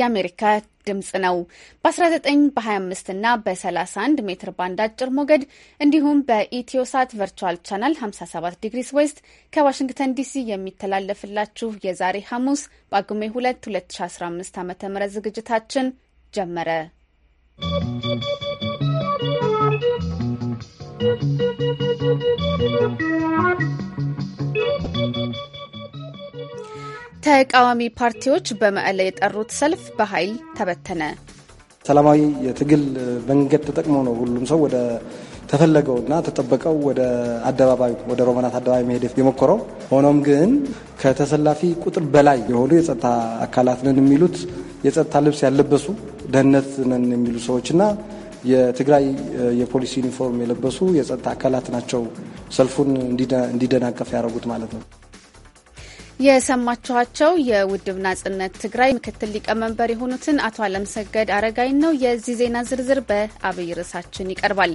የአሜሪካ ድምጽ ነው። በ19 በ25 እና በ31 ሜትር ባንድ አጭር ሞገድ እንዲሁም በኢትዮሳት ቨርቹዋል ቻናል 57 ዲግሪስ ዌስት ከዋሽንግተን ዲሲ የሚተላለፍላችሁ የዛሬ ሐሙስ ጳጉሜ 2 2015 ዓ ም ዝግጅታችን ጀመረ። ¶¶ ተቃዋሚ ፓርቲዎች በመቀለ የጠሩት ሰልፍ በኃይል ተበተነ። ሰላማዊ የትግል መንገድ ተጠቅሞ ነው ሁሉም ሰው ወደ ተፈለገውና ተጠበቀው ወደ አደባባይ ወደ ሮማናት አደባባይ መሄድ የሞከረው። ሆኖም ግን ከተሰላፊ ቁጥር በላይ የሆኑ የጸጥታ አካላት ነን የሚሉት የጸጥታ ልብስ ያለበሱ ደህንነት ነን የሚሉ ሰዎችና የትግራይ የፖሊስ ዩኒፎርም የለበሱ የጸጥታ አካላት ናቸው ሰልፉን እንዲደናቀፍ ያደረጉት ማለት ነው። የሰማችኋቸው የውድብ ናጽነት ትግራይ ምክትል ሊቀመንበር የሆኑትን አቶ አለምሰገድ አረጋይ ነው። የዚህ ዜና ዝርዝር በአብይ ርዕሳችን ይቀርባል።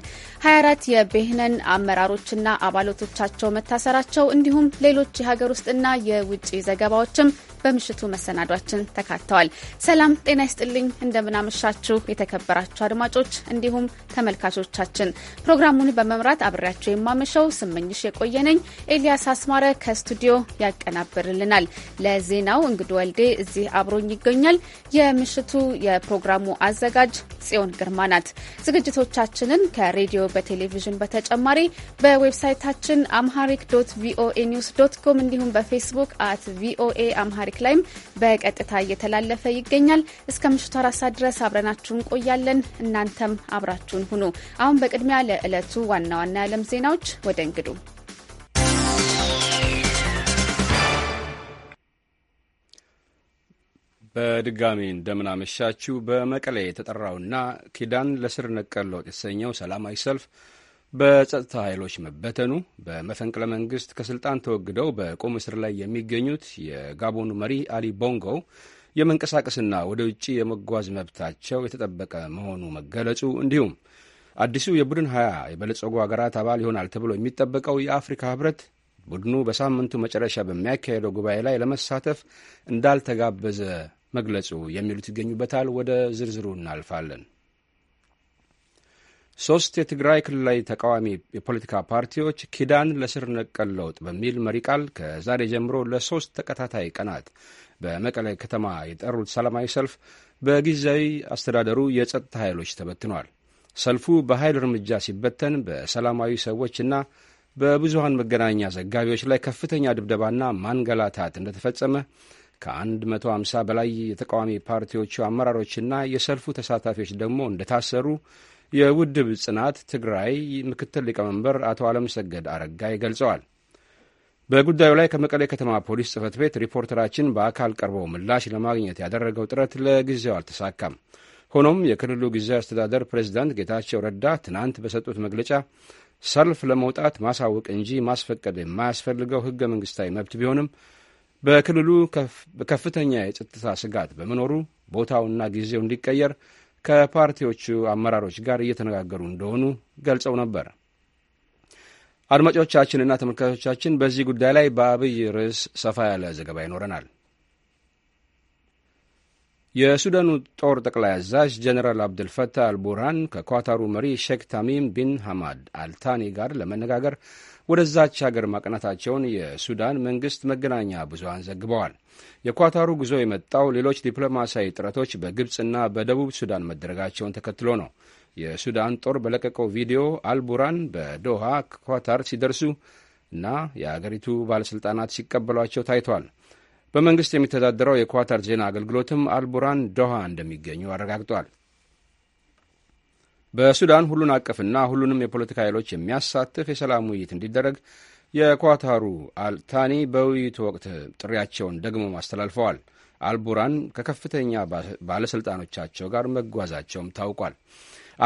24 የቤህነን አመራሮችና አባላቶቻቸው መታሰራቸው እንዲሁም ሌሎች የሀገር ውስጥና የውጭ ዘገባዎችም በምሽቱ መሰናዷችን ተካተዋል። ሰላም ጤና ይስጥልኝ፣ እንደምናመሻችሁ የተከበራችሁ አድማጮች እንዲሁም ተመልካቾቻችን። ፕሮግራሙን በመምራት አብሬያቸው የማመሸው ስመኝሽ የቆየነኝ ኤልያስ አስማረ ከስቱዲዮ ያቀናብር ይዘግብልናል። ለዜናው እንግዱ ወልዴ እዚህ አብሮኝ ይገኛል። የምሽቱ የፕሮግራሙ አዘጋጅ ጽዮን ግርማ ናት። ዝግጅቶቻችንን ከሬዲዮ በቴሌቪዥን በተጨማሪ በዌብሳይታችን አምሃሪክ ዶት ቪኦኤ ኒውስ ዶት ኮም እንዲሁም በፌስቡክ አት ቪኦኤ አምሃሪክ ላይም በቀጥታ እየተላለፈ ይገኛል። እስከ ምሽቱ አራት ሰዓት ድረስ አብረናችሁ እንቆያለን። እናንተም አብራችሁን ሁኑ። አሁን በቅድሚያ ለዕለቱ ዋና ዋና የዓለም ዜናዎች ወደ እንግዱ በድጋሚ እንደምናመሻችሁ። በመቀሌ የተጠራውና ኪዳን ለስር ነቀል ለውጥ የተሰኘው ሰላማዊ ሰልፍ በጸጥታ ኃይሎች መበተኑ፣ በመፈንቅለ መንግስት ከስልጣን ተወግደው በቁም እስር ላይ የሚገኙት የጋቦኑ መሪ አሊ ቦንጎ የመንቀሳቀስና ወደ ውጭ የመጓዝ መብታቸው የተጠበቀ መሆኑ መገለጹ እንዲሁም አዲሱ የቡድን ሀያ የበለጸጉ ሀገራት አባል ይሆናል ተብሎ የሚጠበቀው የአፍሪካ ህብረት ቡድኑ በሳምንቱ መጨረሻ በሚያካሄደው ጉባኤ ላይ ለመሳተፍ እንዳልተጋበዘ መግለጹ የሚሉት ይገኙበታል። ወደ ዝርዝሩ እናልፋለን። ሶስት የትግራይ ክልላዊ ተቃዋሚ የፖለቲካ ፓርቲዎች ኪዳን ለስር ነቀል ለውጥ በሚል መሪ ቃል ከዛሬ ጀምሮ ለሶስት ተከታታይ ቀናት በመቀለ ከተማ የጠሩት ሰላማዊ ሰልፍ በጊዜያዊ አስተዳደሩ የጸጥታ ኃይሎች ተበትኗል። ሰልፉ በኃይል እርምጃ ሲበተን በሰላማዊ ሰዎችና በብዙሀን መገናኛ ዘጋቢዎች ላይ ከፍተኛ ድብደባና ማንገላታት እንደተፈጸመ ከ150 በላይ የተቃዋሚ ፓርቲዎቹ አመራሮችና የሰልፉ ተሳታፊዎች ደግሞ እንደታሰሩ የውድብ ጽናት ትግራይ ምክትል ሊቀመንበር አቶ አለምሰገድ አረጋይ ገልጸዋል። በጉዳዩ ላይ ከመቀሌ ከተማ ፖሊስ ጽህፈት ቤት ሪፖርተራችን በአካል ቀርቦ ምላሽ ለማግኘት ያደረገው ጥረት ለጊዜው አልተሳካም። ሆኖም የክልሉ ጊዜያዊ አስተዳደር ፕሬዚዳንት ጌታቸው ረዳ ትናንት በሰጡት መግለጫ ሰልፍ ለመውጣት ማሳወቅ እንጂ ማስፈቀድ የማያስፈልገው ህገ መንግስታዊ መብት ቢሆንም በክልሉ ከፍተኛ የጸጥታ ስጋት በመኖሩ ቦታውና ጊዜው እንዲቀየር ከፓርቲዎቹ አመራሮች ጋር እየተነጋገሩ እንደሆኑ ገልጸው ነበር። አድማጮቻችንና ተመልካቾቻችን በዚህ ጉዳይ ላይ በአብይ ርዕስ ሰፋ ያለ ዘገባ ይኖረናል። የሱዳኑ ጦር ጠቅላይ አዛዥ ጀነራል አብድልፈታህ አልቡርሃን ከኳታሩ መሪ ሼክ ታሚም ቢን ሐማድ አልታኒ ጋር ለመነጋገር ወደዛች ሀገር ማቅናታቸውን የሱዳን መንግስት መገናኛ ብዙሃን ዘግበዋል። የኳታሩ ጉዞ የመጣው ሌሎች ዲፕሎማሲያዊ ጥረቶች በግብፅና በደቡብ ሱዳን መደረጋቸውን ተከትሎ ነው። የሱዳን ጦር በለቀቀው ቪዲዮ አልቡራን በዶሃ ኳታር ሲደርሱ እና የአገሪቱ ባለሥልጣናት ሲቀበሏቸው ታይቷል። በመንግሥት የሚተዳደረው የኳታር ዜና አገልግሎትም አልቡራን ዶሃ እንደሚገኙ አረጋግጧል። በሱዳን ሁሉን አቀፍና ሁሉንም የፖለቲካ ኃይሎች የሚያሳትፍ የሰላም ውይይት እንዲደረግ የኳታሩ አልታኒ በውይይቱ ወቅት ጥሪያቸውን ደግሞ አስተላልፈዋል። አልቡራን ከከፍተኛ ባለሥልጣኖቻቸው ጋር መጓዛቸውም ታውቋል።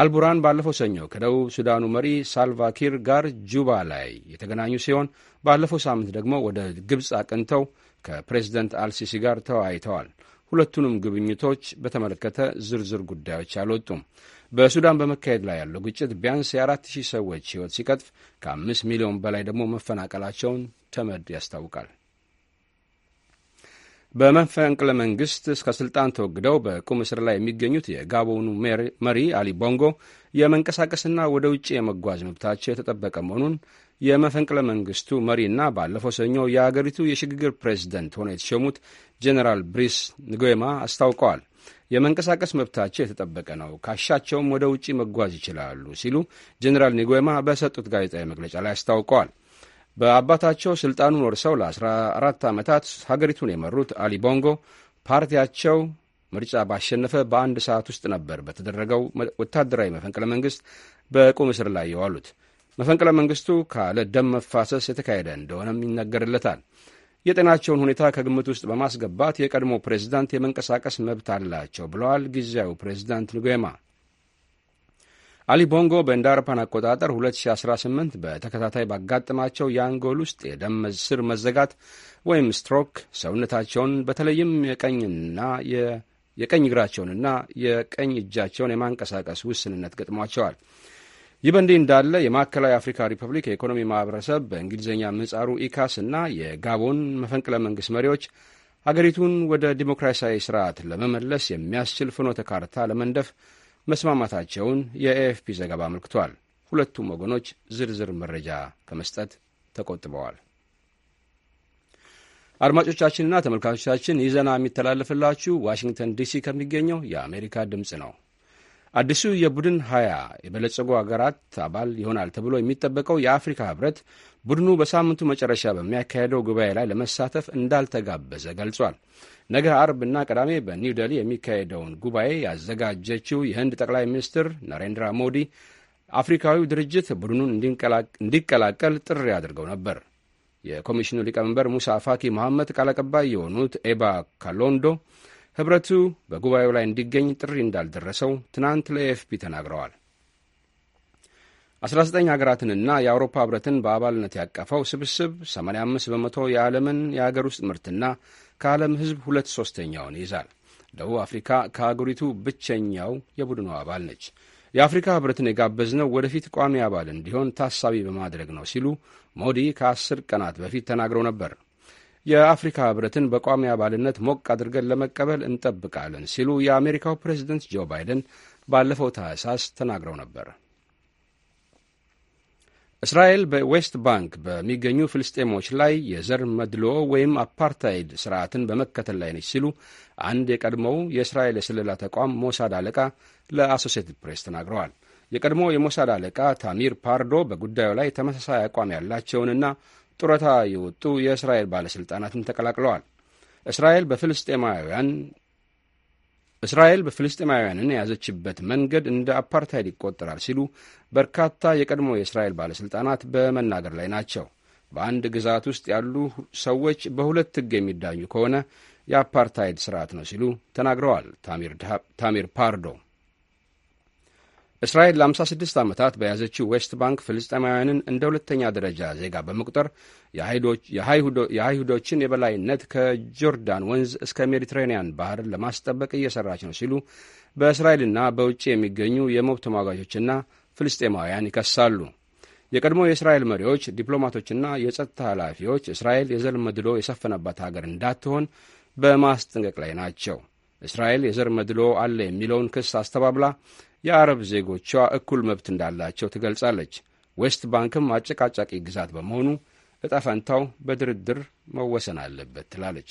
አልቡራን ባለፈው ሰኞ ከደቡብ ሱዳኑ መሪ ሳልቫኪር ጋር ጁባ ላይ የተገናኙ ሲሆን ባለፈው ሳምንት ደግሞ ወደ ግብፅ አቅንተው ከፕሬዝደንት አልሲሲ ጋር ተወያይተዋል። ሁለቱንም ጉብኝቶች በተመለከተ ዝርዝር ጉዳዮች አልወጡም። በሱዳን በመካሄድ ላይ ያለው ግጭት ቢያንስ የአራት ሺህ ሰዎች ሕይወት ሲቀጥፍ ከአምስት ሚሊዮን በላይ ደግሞ መፈናቀላቸውን ተመድ ያስታውቃል። በመፈንቅለ መንግስት እስከ ስልጣን ተወግደው በቁም እስር ላይ የሚገኙት የጋቦኑ መሪ አሊ ቦንጎ የመንቀሳቀስና ወደ ውጭ የመጓዝ መብታቸው የተጠበቀ መሆኑን የመፈንቅለ መንግስቱ መሪና ባለፈው ሰኞ የአገሪቱ የሽግግር ፕሬዝደንት ሆነው የተሾሙት ጄኔራል ብሪስ ንጎማ አስታውቀዋል። የመንቀሳቀስ መብታቸው የተጠበቀ ነው፣ ካሻቸውም ወደ ውጭ መጓዝ ይችላሉ ሲሉ ጄኔራል ንጎማ በሰጡት ጋዜጣዊ መግለጫ ላይ አስታውቀዋል። በአባታቸው ስልጣኑን ወርሰው ለ14 ዓመታት ሀገሪቱን የመሩት አሊ ቦንጎ ፓርቲያቸው ምርጫ ባሸነፈ በአንድ ሰዓት ውስጥ ነበር በተደረገው ወታደራዊ መፈንቅለ መንግስት በቁም እስር ላይ የዋሉት። መፈንቅለ መንግስቱ ካለ ደም መፋሰስ የተካሄደ እንደሆነም ይነገርለታል። የጤናቸውን ሁኔታ ከግምት ውስጥ በማስገባት የቀድሞ ፕሬዚዳንት የመንቀሳቀስ መብት አላቸው ብለዋል ጊዜያዊ ፕሬዚዳንት ንጎማ። አሊ ቦንጎ በእንደ አውሮፓን አቆጣጠር 2018 በተከታታይ ባጋጠማቸው የአንጎል ውስጥ የደም ስር መዘጋት ወይም ስትሮክ ሰውነታቸውን በተለይም የቀኝና የቀኝ እግራቸውንና የቀኝ እጃቸውን የማንቀሳቀስ ውስንነት ገጥሟቸዋል። ይህ በእንዲህ እንዳለ የማዕከላዊ አፍሪካ ሪፐብሊክ የኢኮኖሚ ማህበረሰብ በእንግሊዝኛ ምህጻሩ ኢካስ እና የጋቦን መፈንቅለ መንግሥት መሪዎች አገሪቱን ወደ ዲሞክራሲያዊ ስርዓት ለመመለስ የሚያስችል ፍኖተ ካርታ ለመንደፍ መስማማታቸውን የኤኤፍፒ ዘገባ አመልክቷል። ሁለቱም ወገኖች ዝርዝር መረጃ ከመስጠት ተቆጥበዋል። አድማጮቻችንና ተመልካቾቻችን ይህ ዜና የሚተላለፍላችሁ ዋሽንግተን ዲሲ ከሚገኘው የአሜሪካ ድምፅ ነው። አዲሱ የቡድን ሀያ የበለጸጉ አገራት አባል ይሆናል ተብሎ የሚጠበቀው የአፍሪካ ህብረት ቡድኑ በሳምንቱ መጨረሻ በሚያካሄደው ጉባኤ ላይ ለመሳተፍ እንዳልተጋበዘ ገልጿል። ነገ አርብና ቅዳሜ በኒው ደሊ የሚካሄደውን ጉባኤ ያዘጋጀችው የህንድ ጠቅላይ ሚኒስትር ናሬንድራ ሞዲ አፍሪካዊው ድርጅት ቡድኑን እንዲቀላቀል ጥሪ አድርገው ነበር። የኮሚሽኑ ሊቀመንበር ሙሳ ፋኪ መሐመድ ቃል አቀባይ የሆኑት ኤባ ካሎንዶ ኅብረቱ በጉባኤው ላይ እንዲገኝ ጥሪ እንዳልደረሰው ትናንት ለኤኤፍፒ ተናግረዋል። 19 ሀገራትንና የአውሮፓ ኅብረትን በአባልነት ያቀፈው ስብስብ 85 በመቶ የዓለምን የአገር ውስጥ ምርትና ከዓለም ሕዝብ ሁለት ሦስተኛውን ይይዛል። ደቡብ አፍሪካ ከአገሪቱ ብቸኛው የቡድኑ አባል ነች። የአፍሪካ ኅብረትን የጋበዝነው ወደፊት ቋሚ አባል እንዲሆን ታሳቢ በማድረግ ነው ሲሉ ሞዲ ከአስር ቀናት በፊት ተናግረው ነበር። የአፍሪካ ህብረትን በቋሚ አባልነት ሞቅ አድርገን ለመቀበል እንጠብቃለን ሲሉ የአሜሪካው ፕሬዚደንት ጆ ባይደን ባለፈው ታህሳስ ተናግረው ነበር። እስራኤል በዌስት ባንክ በሚገኙ ፍልስጤሞች ላይ የዘር መድሎ ወይም አፓርታይድ ስርዓትን በመከተል ላይ ነች ሲሉ አንድ የቀድሞው የእስራኤል የስለላ ተቋም ሞሳድ አለቃ ለአሶሴትድ ፕሬስ ተናግረዋል። የቀድሞ የሞሳድ አለቃ ታሚር ፓርዶ በጉዳዩ ላይ ተመሳሳይ አቋም ያላቸውንና ጡረታ የወጡ የእስራኤል ባለሥልጣናትን ተቀላቅለዋል። እስራኤል በፍልስጤማውያን እስራኤል በፍልስጤማውያንን የያዘችበት መንገድ እንደ አፓርታይድ ይቆጠራል ሲሉ በርካታ የቀድሞ የእስራኤል ባለሥልጣናት በመናገር ላይ ናቸው። በአንድ ግዛት ውስጥ ያሉ ሰዎች በሁለት ሕግ የሚዳኙ ከሆነ የአፓርታይድ ስርዓት ነው ሲሉ ተናግረዋል። ታሚር ፓርዶ እስራኤል ለ56 ዓመታት በያዘችው ዌስት ባንክ ፍልስጤማውያንን እንደ ሁለተኛ ደረጃ ዜጋ በመቁጠር የአይሁዶችን የበላይነት ከጆርዳን ወንዝ እስከ ሜዲትሬንያን ባህር ለማስጠበቅ እየሰራች ነው ሲሉ በእስራኤልና በውጭ የሚገኙ የመብት ተሟጋቾችና ፍልስጤማውያን ይከሳሉ። የቀድሞ የእስራኤል መሪዎች፣ ዲፕሎማቶችና የጸጥታ ኃላፊዎች እስራኤል የዘር መድሎ የሰፈነባት ሀገር እንዳትሆን በማስጠንቀቅ ላይ ናቸው። እስራኤል የዘር መድሎ አለ የሚለውን ክስ አስተባብላ የአረብ ዜጎቿ እኩል መብት እንዳላቸው ትገልጻለች። ዌስት ባንክም አጨቃጫቂ ግዛት በመሆኑ እጣ ፈንታው በድርድር መወሰን አለበት ትላለች።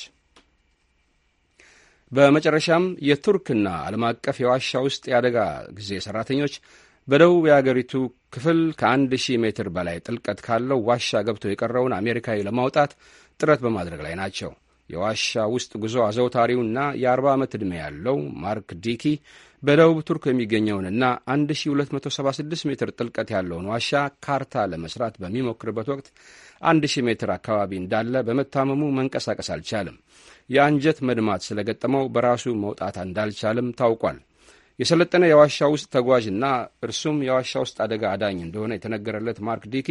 በመጨረሻም የቱርክና ዓለም አቀፍ የዋሻ ውስጥ የአደጋ ጊዜ ሠራተኞች በደቡብ የአገሪቱ ክፍል ከ1000 ሜትር በላይ ጥልቀት ካለው ዋሻ ገብቶ የቀረውን አሜሪካዊ ለማውጣት ጥረት በማድረግ ላይ ናቸው። የዋሻ ውስጥ ጉዞ አዘውታሪውና የ40 ዓመት ዕድሜ ያለው ማርክ ዲኪ በደቡብ ቱርክ የሚገኘውንና 1276 ሜትር ጥልቀት ያለውን ዋሻ ካርታ ለመስራት በሚሞክርበት ወቅት 1000 ሜትር አካባቢ እንዳለ በመታመሙ መንቀሳቀስ አልቻለም። የአንጀት መድማት ስለገጠመው በራሱ መውጣት እንዳልቻለም ታውቋል። የሰለጠነ የዋሻ ውስጥ ተጓዥና እርሱም የዋሻ ውስጥ አደጋ አዳኝ እንደሆነ የተነገረለት ማርክ ዲኪ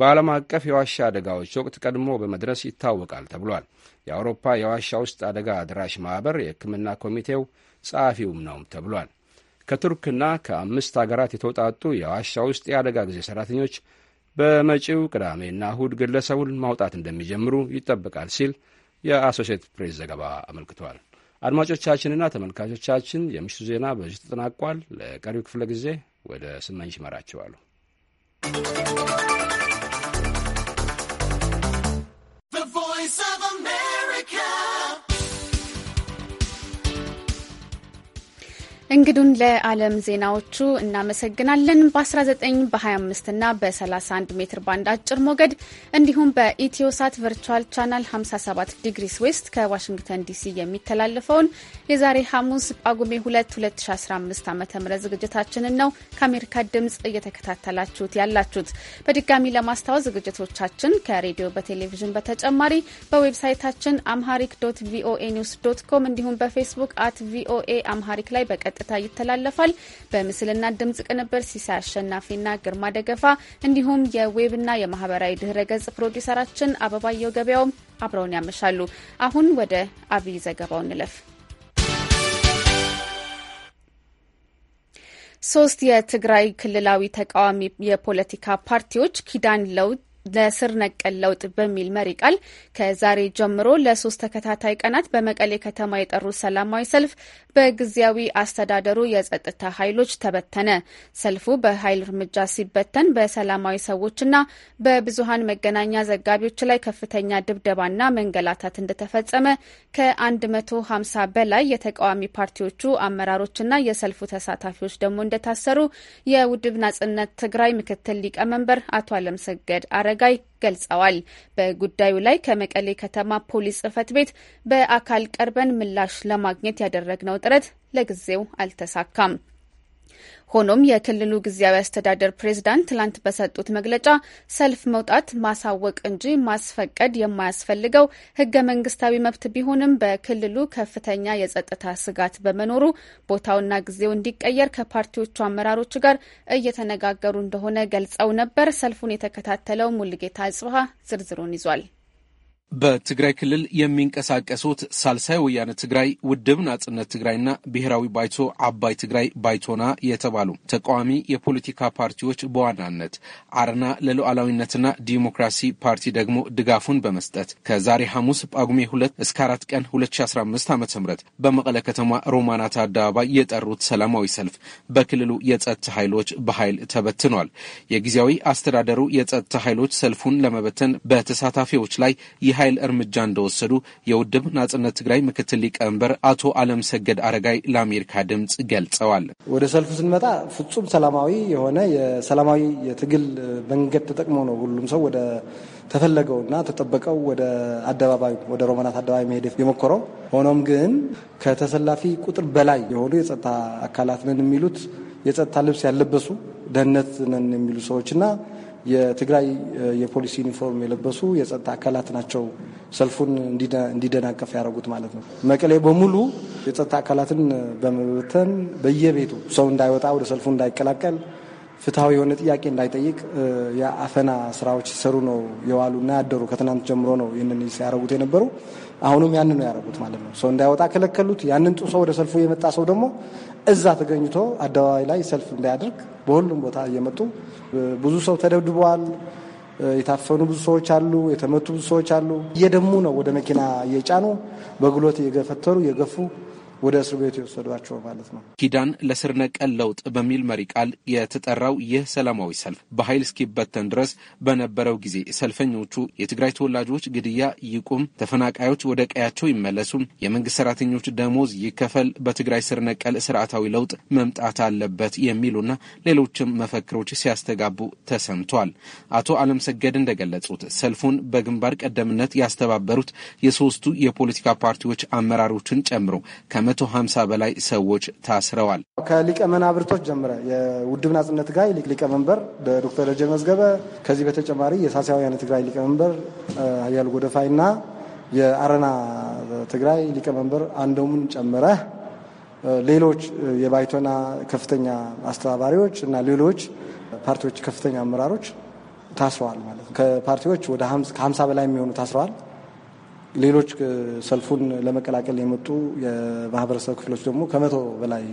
በዓለም አቀፍ የዋሻ አደጋዎች ወቅት ቀድሞ በመድረስ ይታወቃል ተብሏል። የአውሮፓ የዋሻ ውስጥ አደጋ አድራሽ ማኅበር የሕክምና ኮሚቴው ጸሐፊውም ነው ተብሏል። ከቱርክና ከአምስት አገራት የተውጣጡ የዋሻ ውስጥ የአደጋ ጊዜ ሠራተኞች በመጪው ቅዳሜና እሁድ ግለሰቡን ማውጣት እንደሚጀምሩ ይጠበቃል ሲል የአሶሼትድ ፕሬስ ዘገባ አመልክቷል። አድማጮቻችንና ተመልካቾቻችን የምሽቱ ዜና በዚህ ተጠናቋል። ለቀሪው ክፍለ ጊዜ ወደ ስመኝሽ you. እንግዱን ለዓለም ዜናዎቹ እናመሰግናለን። በ19 በ25 እና በ31 ሜትር ባንድ አጭር ሞገድ እንዲሁም በኢትዮሳት ቨርቹዋል ቻናል 57 ዲግሪስ ዌስት ከዋሽንግተን ዲሲ የሚተላለፈውን የዛሬ ሐሙስ ጳጉሜ 2 2015 ዓ ም ዝግጅታችንን ነው ከአሜሪካ ድምፅ እየተከታተላችሁት ያላችሁት። በድጋሚ ለማስታወስ ዝግጅቶቻችን ከሬዲዮ በቴሌቪዥን በተጨማሪ በዌብሳይታችን አምሃሪክ ዶት ቪኦኤ ኒውስ ዶት ኮም እንዲሁም በፌስቡክ አት ቪኦኤ አምሃሪክ ላይ በቀ በቀጥታ ይተላለፋል። በምስልና ድምጽ ቅንብር ሲሳይ አሸናፊና ግርማ ደገፋ እንዲሁም የዌብና የማህበራዊ ድህረ ገጽ ፕሮዲሰራችን አበባየው ገበያውም አብረውን ያመሻሉ። አሁን ወደ አብይ ዘገባው እንለፍ። ሶስት የትግራይ ክልላዊ ተቃዋሚ የፖለቲካ ፓርቲዎች ኪዳን ለውጥ ለስር ነቀል ለውጥ በሚል መሪ ቃል ከዛሬ ጀምሮ ለሶስት ተከታታይ ቀናት በመቀሌ ከተማ የጠሩት ሰላማዊ ሰልፍ በጊዜያዊ አስተዳደሩ የጸጥታ ኃይሎች ተበተነ። ሰልፉ በኃይል እርምጃ ሲበተን በሰላማዊ ሰዎችና በብዙሀን መገናኛ ዘጋቢዎች ላይ ከፍተኛ ድብደባና መንገላታት እንደተፈጸመ ከ150 በላይ የተቃዋሚ ፓርቲዎቹ አመራሮችና የሰልፉ ተሳታፊዎች ደግሞ እንደታሰሩ የውድብ ናጽነት ትግራይ ምክትል ሊቀመንበር አቶ አለምሰገድ አረ አረጋይ ገልጸዋል። በጉዳዩ ላይ ከመቀሌ ከተማ ፖሊስ ጽህፈት ቤት በአካል ቀርበን ምላሽ ለማግኘት ያደረግነው ጥረት ለጊዜው አልተሳካም። ሆኖም የክልሉ ጊዜያዊ አስተዳደር ፕሬዝዳንት ትላንት በሰጡት መግለጫ ሰልፍ መውጣት ማሳወቅ እንጂ ማስፈቀድ የማያስፈልገው ህገ መንግስታዊ መብት ቢሆንም በክልሉ ከፍተኛ የጸጥታ ስጋት በመኖሩ ቦታውና ጊዜው እንዲቀየር ከፓርቲዎቹ አመራሮች ጋር እየተነጋገሩ እንደሆነ ገልጸው ነበር። ሰልፉን የተከታተለው ሙልጌታ አጽብሃ ዝርዝሩን ይዟል። በትግራይ ክልል የሚንቀሳቀሱት ሳልሳይ ወያነ ትግራይ፣ ውድብ ናጽነት ትግራይና ብሔራዊ ባይቶ አባይ ትግራይ ባይቶና የተባሉ ተቃዋሚ የፖለቲካ ፓርቲዎች በዋናነት አረና ለሉዓላዊነትና ዲሞክራሲ ፓርቲ ደግሞ ድጋፉን በመስጠት ከዛሬ ሐሙስ ጳጉሜ ሁለት እስከ አራት ቀን 2015 ዓ ም በመቀለ ከተማ ሮማናት አደባባይ የጠሩት ሰላማዊ ሰልፍ በክልሉ የጸጥታ ኃይሎች በኃይል ተበትኗል። የጊዜያዊ አስተዳደሩ የጸጥታ ኃይሎች ሰልፉን ለመበተን በተሳታፊዎች ላይ ኃይል እርምጃ እንደወሰዱ የውድብ ናጽነት ትግራይ ምክትል ሊቀመንበር አቶ አለም ሰገድ አረጋይ ለአሜሪካ ድምፅ ገልጸዋል። ወደ ሰልፉ ስንመጣ ፍጹም ሰላማዊ የሆነ የሰላማዊ የትግል መንገድ ተጠቅሞ ነው ሁሉም ሰው ወደ ተፈለገውና ተጠበቀው ወደ አደባባይ ወደ ሮማናት አደባባይ መሄድ የሞከረው። ሆኖም ግን ከተሰላፊ ቁጥር በላይ የሆኑ የጸጥታ አካላት ነን የሚሉት የጸጥታ ልብስ ያለበሱ ደህንነት ነን የሚሉ ሰዎችና የትግራይ የፖሊስ ዩኒፎርም የለበሱ የጸጥታ አካላት ናቸው ሰልፉን እንዲደናቀፍ ያደረጉት ማለት ነው። መቀሌ በሙሉ የጸጥታ አካላትን በመበተን በየቤቱ ሰው እንዳይወጣ ወደ ሰልፉ እንዳይቀላቀል ፍትሐዊ የሆነ ጥያቄ እንዳይጠይቅ የአፈና ስራዎች ሲሰሩ ነው የዋሉ እና ያደሩ። ከትናንት ጀምሮ ነው ይህንን ሲያደረጉት የነበሩ አሁንም ያንን ነው ያደረጉት ማለት ነው። ሰው እንዳይወጣ ከለከሉት። ያንን ጥሶ ወደ ሰልፉ የመጣ ሰው ደግሞ እዛ ተገኝቶ አደባባይ ላይ ሰልፍ እንዳያደርግ በሁሉም ቦታ እየመጡ ብዙ ሰው ተደብድበዋል። የታፈኑ ብዙ ሰዎች አሉ። የተመቱ ብዙ ሰዎች አሉ። እየደሙ ነው ወደ መኪና እየጫኑ በግሎት እየገፈተሩ እየገፉ ወደ እስር ቤት የወሰዷቸው ማለት ነው። ኪዳን ለስር ነቀል ለውጥ በሚል መሪ ቃል የተጠራው ይህ ሰላማዊ ሰልፍ በኃይል እስኪበተን ድረስ በነበረው ጊዜ ሰልፈኞቹ የትግራይ ተወላጆች ግድያ ይቁም፣ ተፈናቃዮች ወደ ቀያቸው ይመለሱ፣ የመንግስት ሰራተኞች ደሞዝ ይከፈል፣ በትግራይ ስር ነቀል ስርዓታዊ ለውጥ መምጣት አለበት የሚሉና ሌሎችም መፈክሮች ሲያስተጋቡ ተሰምቷል። አቶ አለም ሰገድ እንደገለጹት ሰልፉን በግንባር ቀደምነት ያስተባበሩት የሶስቱ የፖለቲካ ፓርቲዎች አመራሮችን ጨምሮ ከመ ከ150 በላይ ሰዎች ታስረዋል። ከሊቀ መናብርቶች ጀምረ የውድብ ናጽነት ትግራይ ሊቀመንበር ዶክተር ደጀ መዝገበ፣ ከዚህ በተጨማሪ የሳሲያውያን ትግራይ ሊቀመንበር አያሉ ጎደፋይ እና የአረና ትግራይ ሊቀመንበር አንደሙን ጨምረ ሌሎች የባይቶና ከፍተኛ አስተባባሪዎች እና ሌሎች ፓርቲዎች ከፍተኛ አመራሮች ታስረዋል ማለት ነው። ከፓርቲዎች ወደ ከሀምሳ በላይ የሚሆኑ ታስረዋል። ሌሎች ሰልፉን ለመቀላቀል የመጡ የማህበረሰብ ክፍሎች ደግሞ ከመቶ በላይ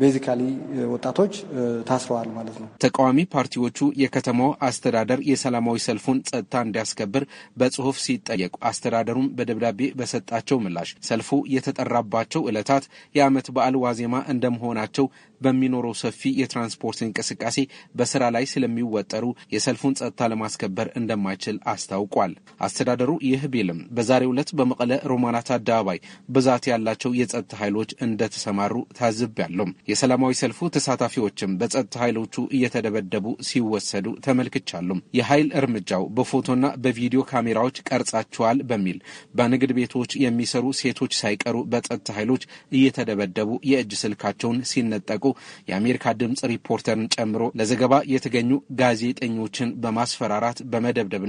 ቤዚካሊ uh, ወጣቶች uh, ታስረዋል ማለት ነው። ተቃዋሚ ፓርቲዎቹ የከተማው አስተዳደር የሰላማዊ ሰልፉን ጸጥታ እንዲያስከብር በጽሁፍ ሲጠየቁ አስተዳደሩም በደብዳቤ በሰጣቸው ምላሽ ሰልፉ የተጠራባቸው ዕለታት የዓመት በዓል ዋዜማ እንደመሆናቸው በሚኖረው ሰፊ የትራንስፖርት እንቅስቃሴ በስራ ላይ ስለሚወጠሩ የሰልፉን ጸጥታ ለማስከበር እንደማይችል አስታውቋል። አስተዳደሩ ይህ ቢልም በዛሬው ዕለት በመቀለ ሮማናት አደባባይ ብዛት ያላቸው የጸጥታ ኃይሎች እንደተሰማሩ ታዝቤያለሁ። የሰላማዊ ሰልፉ ተሳታፊዎችም በጸጥታ ኃይሎቹ እየተደበደቡ ሲወሰዱ ተመልክቻሉ። የኃይል እርምጃው በፎቶና በቪዲዮ ካሜራዎች ቀርጻቸዋል በሚል በንግድ ቤቶች የሚሰሩ ሴቶች ሳይቀሩ በጸጥታ ኃይሎች እየተደበደቡ የእጅ ስልካቸውን ሲነጠቁ የአሜሪካ ድምፅ ሪፖርተርን ጨምሮ ለዘገባ የተገኙ ጋዜጠኞችን በማስፈራራት በመደብደብና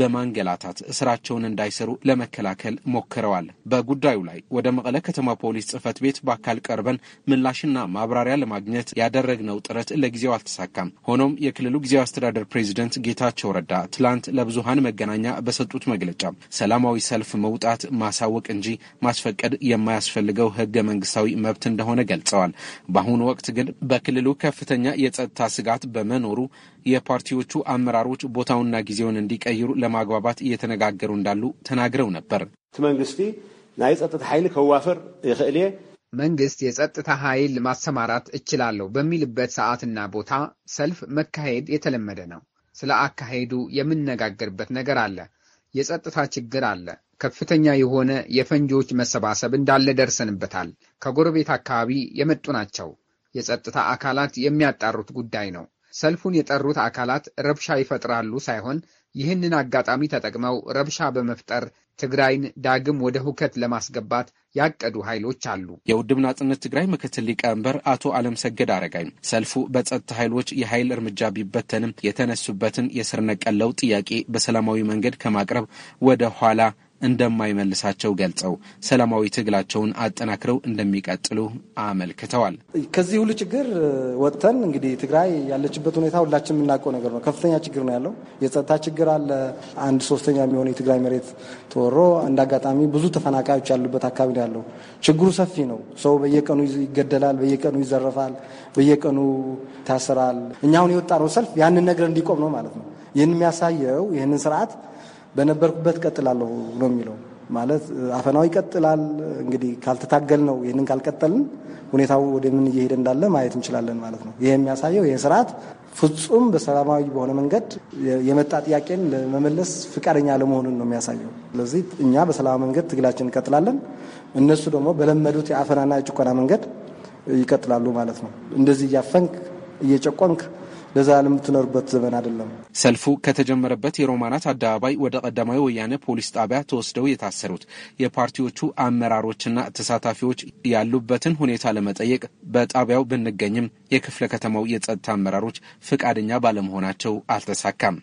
በማንገላታት ስራቸውን እንዳይሰሩ ለመከላከል ሞክረዋል። በጉዳዩ ላይ ወደ መቀለ ከተማ ፖሊስ ጽህፈት ቤት በአካል ቀርበን ምላሽና ማብራሪያ ለማግኘት ያደረግነው ጥረት ለጊዜው አልተሳካም። ሆኖም የክልሉ ጊዜያዊ አስተዳደር ፕሬዚደንት ጌታቸው ረዳ ትላንት ለብዙሃን መገናኛ በሰጡት መግለጫ ሰላማዊ ሰልፍ መውጣት ማሳወቅ እንጂ ማስፈቀድ የማያስፈልገው ህገ መንግስታዊ መብት እንደሆነ ገልጸዋል። በአሁኑ ወቅት ግን በክልሉ ከፍተኛ የጸጥታ ስጋት በመኖሩ የፓርቲዎቹ አመራሮች ቦታውና ጊዜውን እንዲቀይሩ ለማግባባት እየተነጋገሩ እንዳሉ ተናግረው ነበር። እቲ መንግስቲ ናይ ጸጥታ ሓይሊ ከዋፍር ይኽእል እየ መንግስት የጸጥታ ኃይል ማሰማራት እችላለሁ በሚልበት ሰዓትና ቦታ ሰልፍ መካሄድ የተለመደ ነው። ስለ አካሄዱ የምነጋገርበት ነገር አለ። የጸጥታ ችግር አለ። ከፍተኛ የሆነ የፈንጂዎች መሰባሰብ እንዳለ ደርሰንበታል። ከጎረቤት አካባቢ የመጡ ናቸው። የጸጥታ አካላት የሚያጣሩት ጉዳይ ነው። ሰልፉን የጠሩት አካላት ረብሻ ይፈጥራሉ ሳይሆን ይህንን አጋጣሚ ተጠቅመው ረብሻ በመፍጠር ትግራይን ዳግም ወደ ሁከት ለማስገባት ያቀዱ ኃይሎች አሉ። የውድብ ናጽነት ትግራይ ምክትል ሊቀመንበር አቶ አለም ሰገድ አረጋኝ ሰልፉ በጸጥታ ኃይሎች የኃይል እርምጃ ቢበተንም የተነሱበትን የስር ነቀል ለውጥ ጥያቄ በሰላማዊ መንገድ ከማቅረብ ወደ ኋላ እንደማይመልሳቸው ገልጸው ሰላማዊ ትግላቸውን አጠናክረው እንደሚቀጥሉ አመልክተዋል። ከዚህ ሁሉ ችግር ወጥተን እንግዲህ ትግራይ ያለችበት ሁኔታ ሁላችን የምናውቀው ነገር ነው። ከፍተኛ ችግር ነው ያለው። የጸጥታ ችግር አለ። አንድ ሶስተኛ የሚሆነ የትግራይ መሬት ተወሮ እንደ አጋጣሚ ብዙ ተፈናቃዮች ያሉበት አካባቢ ነው ያለው። ችግሩ ሰፊ ነው። ሰው በየቀኑ ይገደላል፣ በየቀኑ ይዘረፋል፣ በየቀኑ ታስራል። እኛ አሁን የወጣነው ሰልፍ ያንን ነገር እንዲቆም ነው ማለት ነው። ይህን የሚያሳየው ይህንን ስርዓት በነበርኩበት ቀጥላለሁ ነው የሚለው። ማለት አፈናው ይቀጥላል። እንግዲህ ካልተታገል ነው ይህንን ካልቀጠልን ሁኔታው ወደ ምን እየሄደ እንዳለ ማየት እንችላለን ማለት ነው። ይህ የሚያሳየው ይህ ስርዓት ፍጹም በሰላማዊ በሆነ መንገድ የመጣ ጥያቄን ለመመለስ ፍቃደኛ ለመሆኑን ነው የሚያሳየው። ስለዚህ እኛ በሰላማዊ መንገድ ትግላችን እንቀጥላለን፣ እነሱ ደግሞ በለመዱት የአፈናና የጭቆና መንገድ ይቀጥላሉ ማለት ነው። እንደዚህ እያፈንክ እየጨቆንክ ለዘላለም የምትኖርበት ዘመን አይደለም። ሰልፉ ከተጀመረበት የሮማናት አደባባይ ወደ ቀዳማዊ ወያነ ፖሊስ ጣቢያ ተወስደው የታሰሩት የፓርቲዎቹ አመራሮችና ተሳታፊዎች ያሉበትን ሁኔታ ለመጠየቅ በጣቢያው ብንገኝም የክፍለ ከተማው የጸጥታ አመራሮች ፍቃደኛ ባለመሆናቸው አልተሳካም።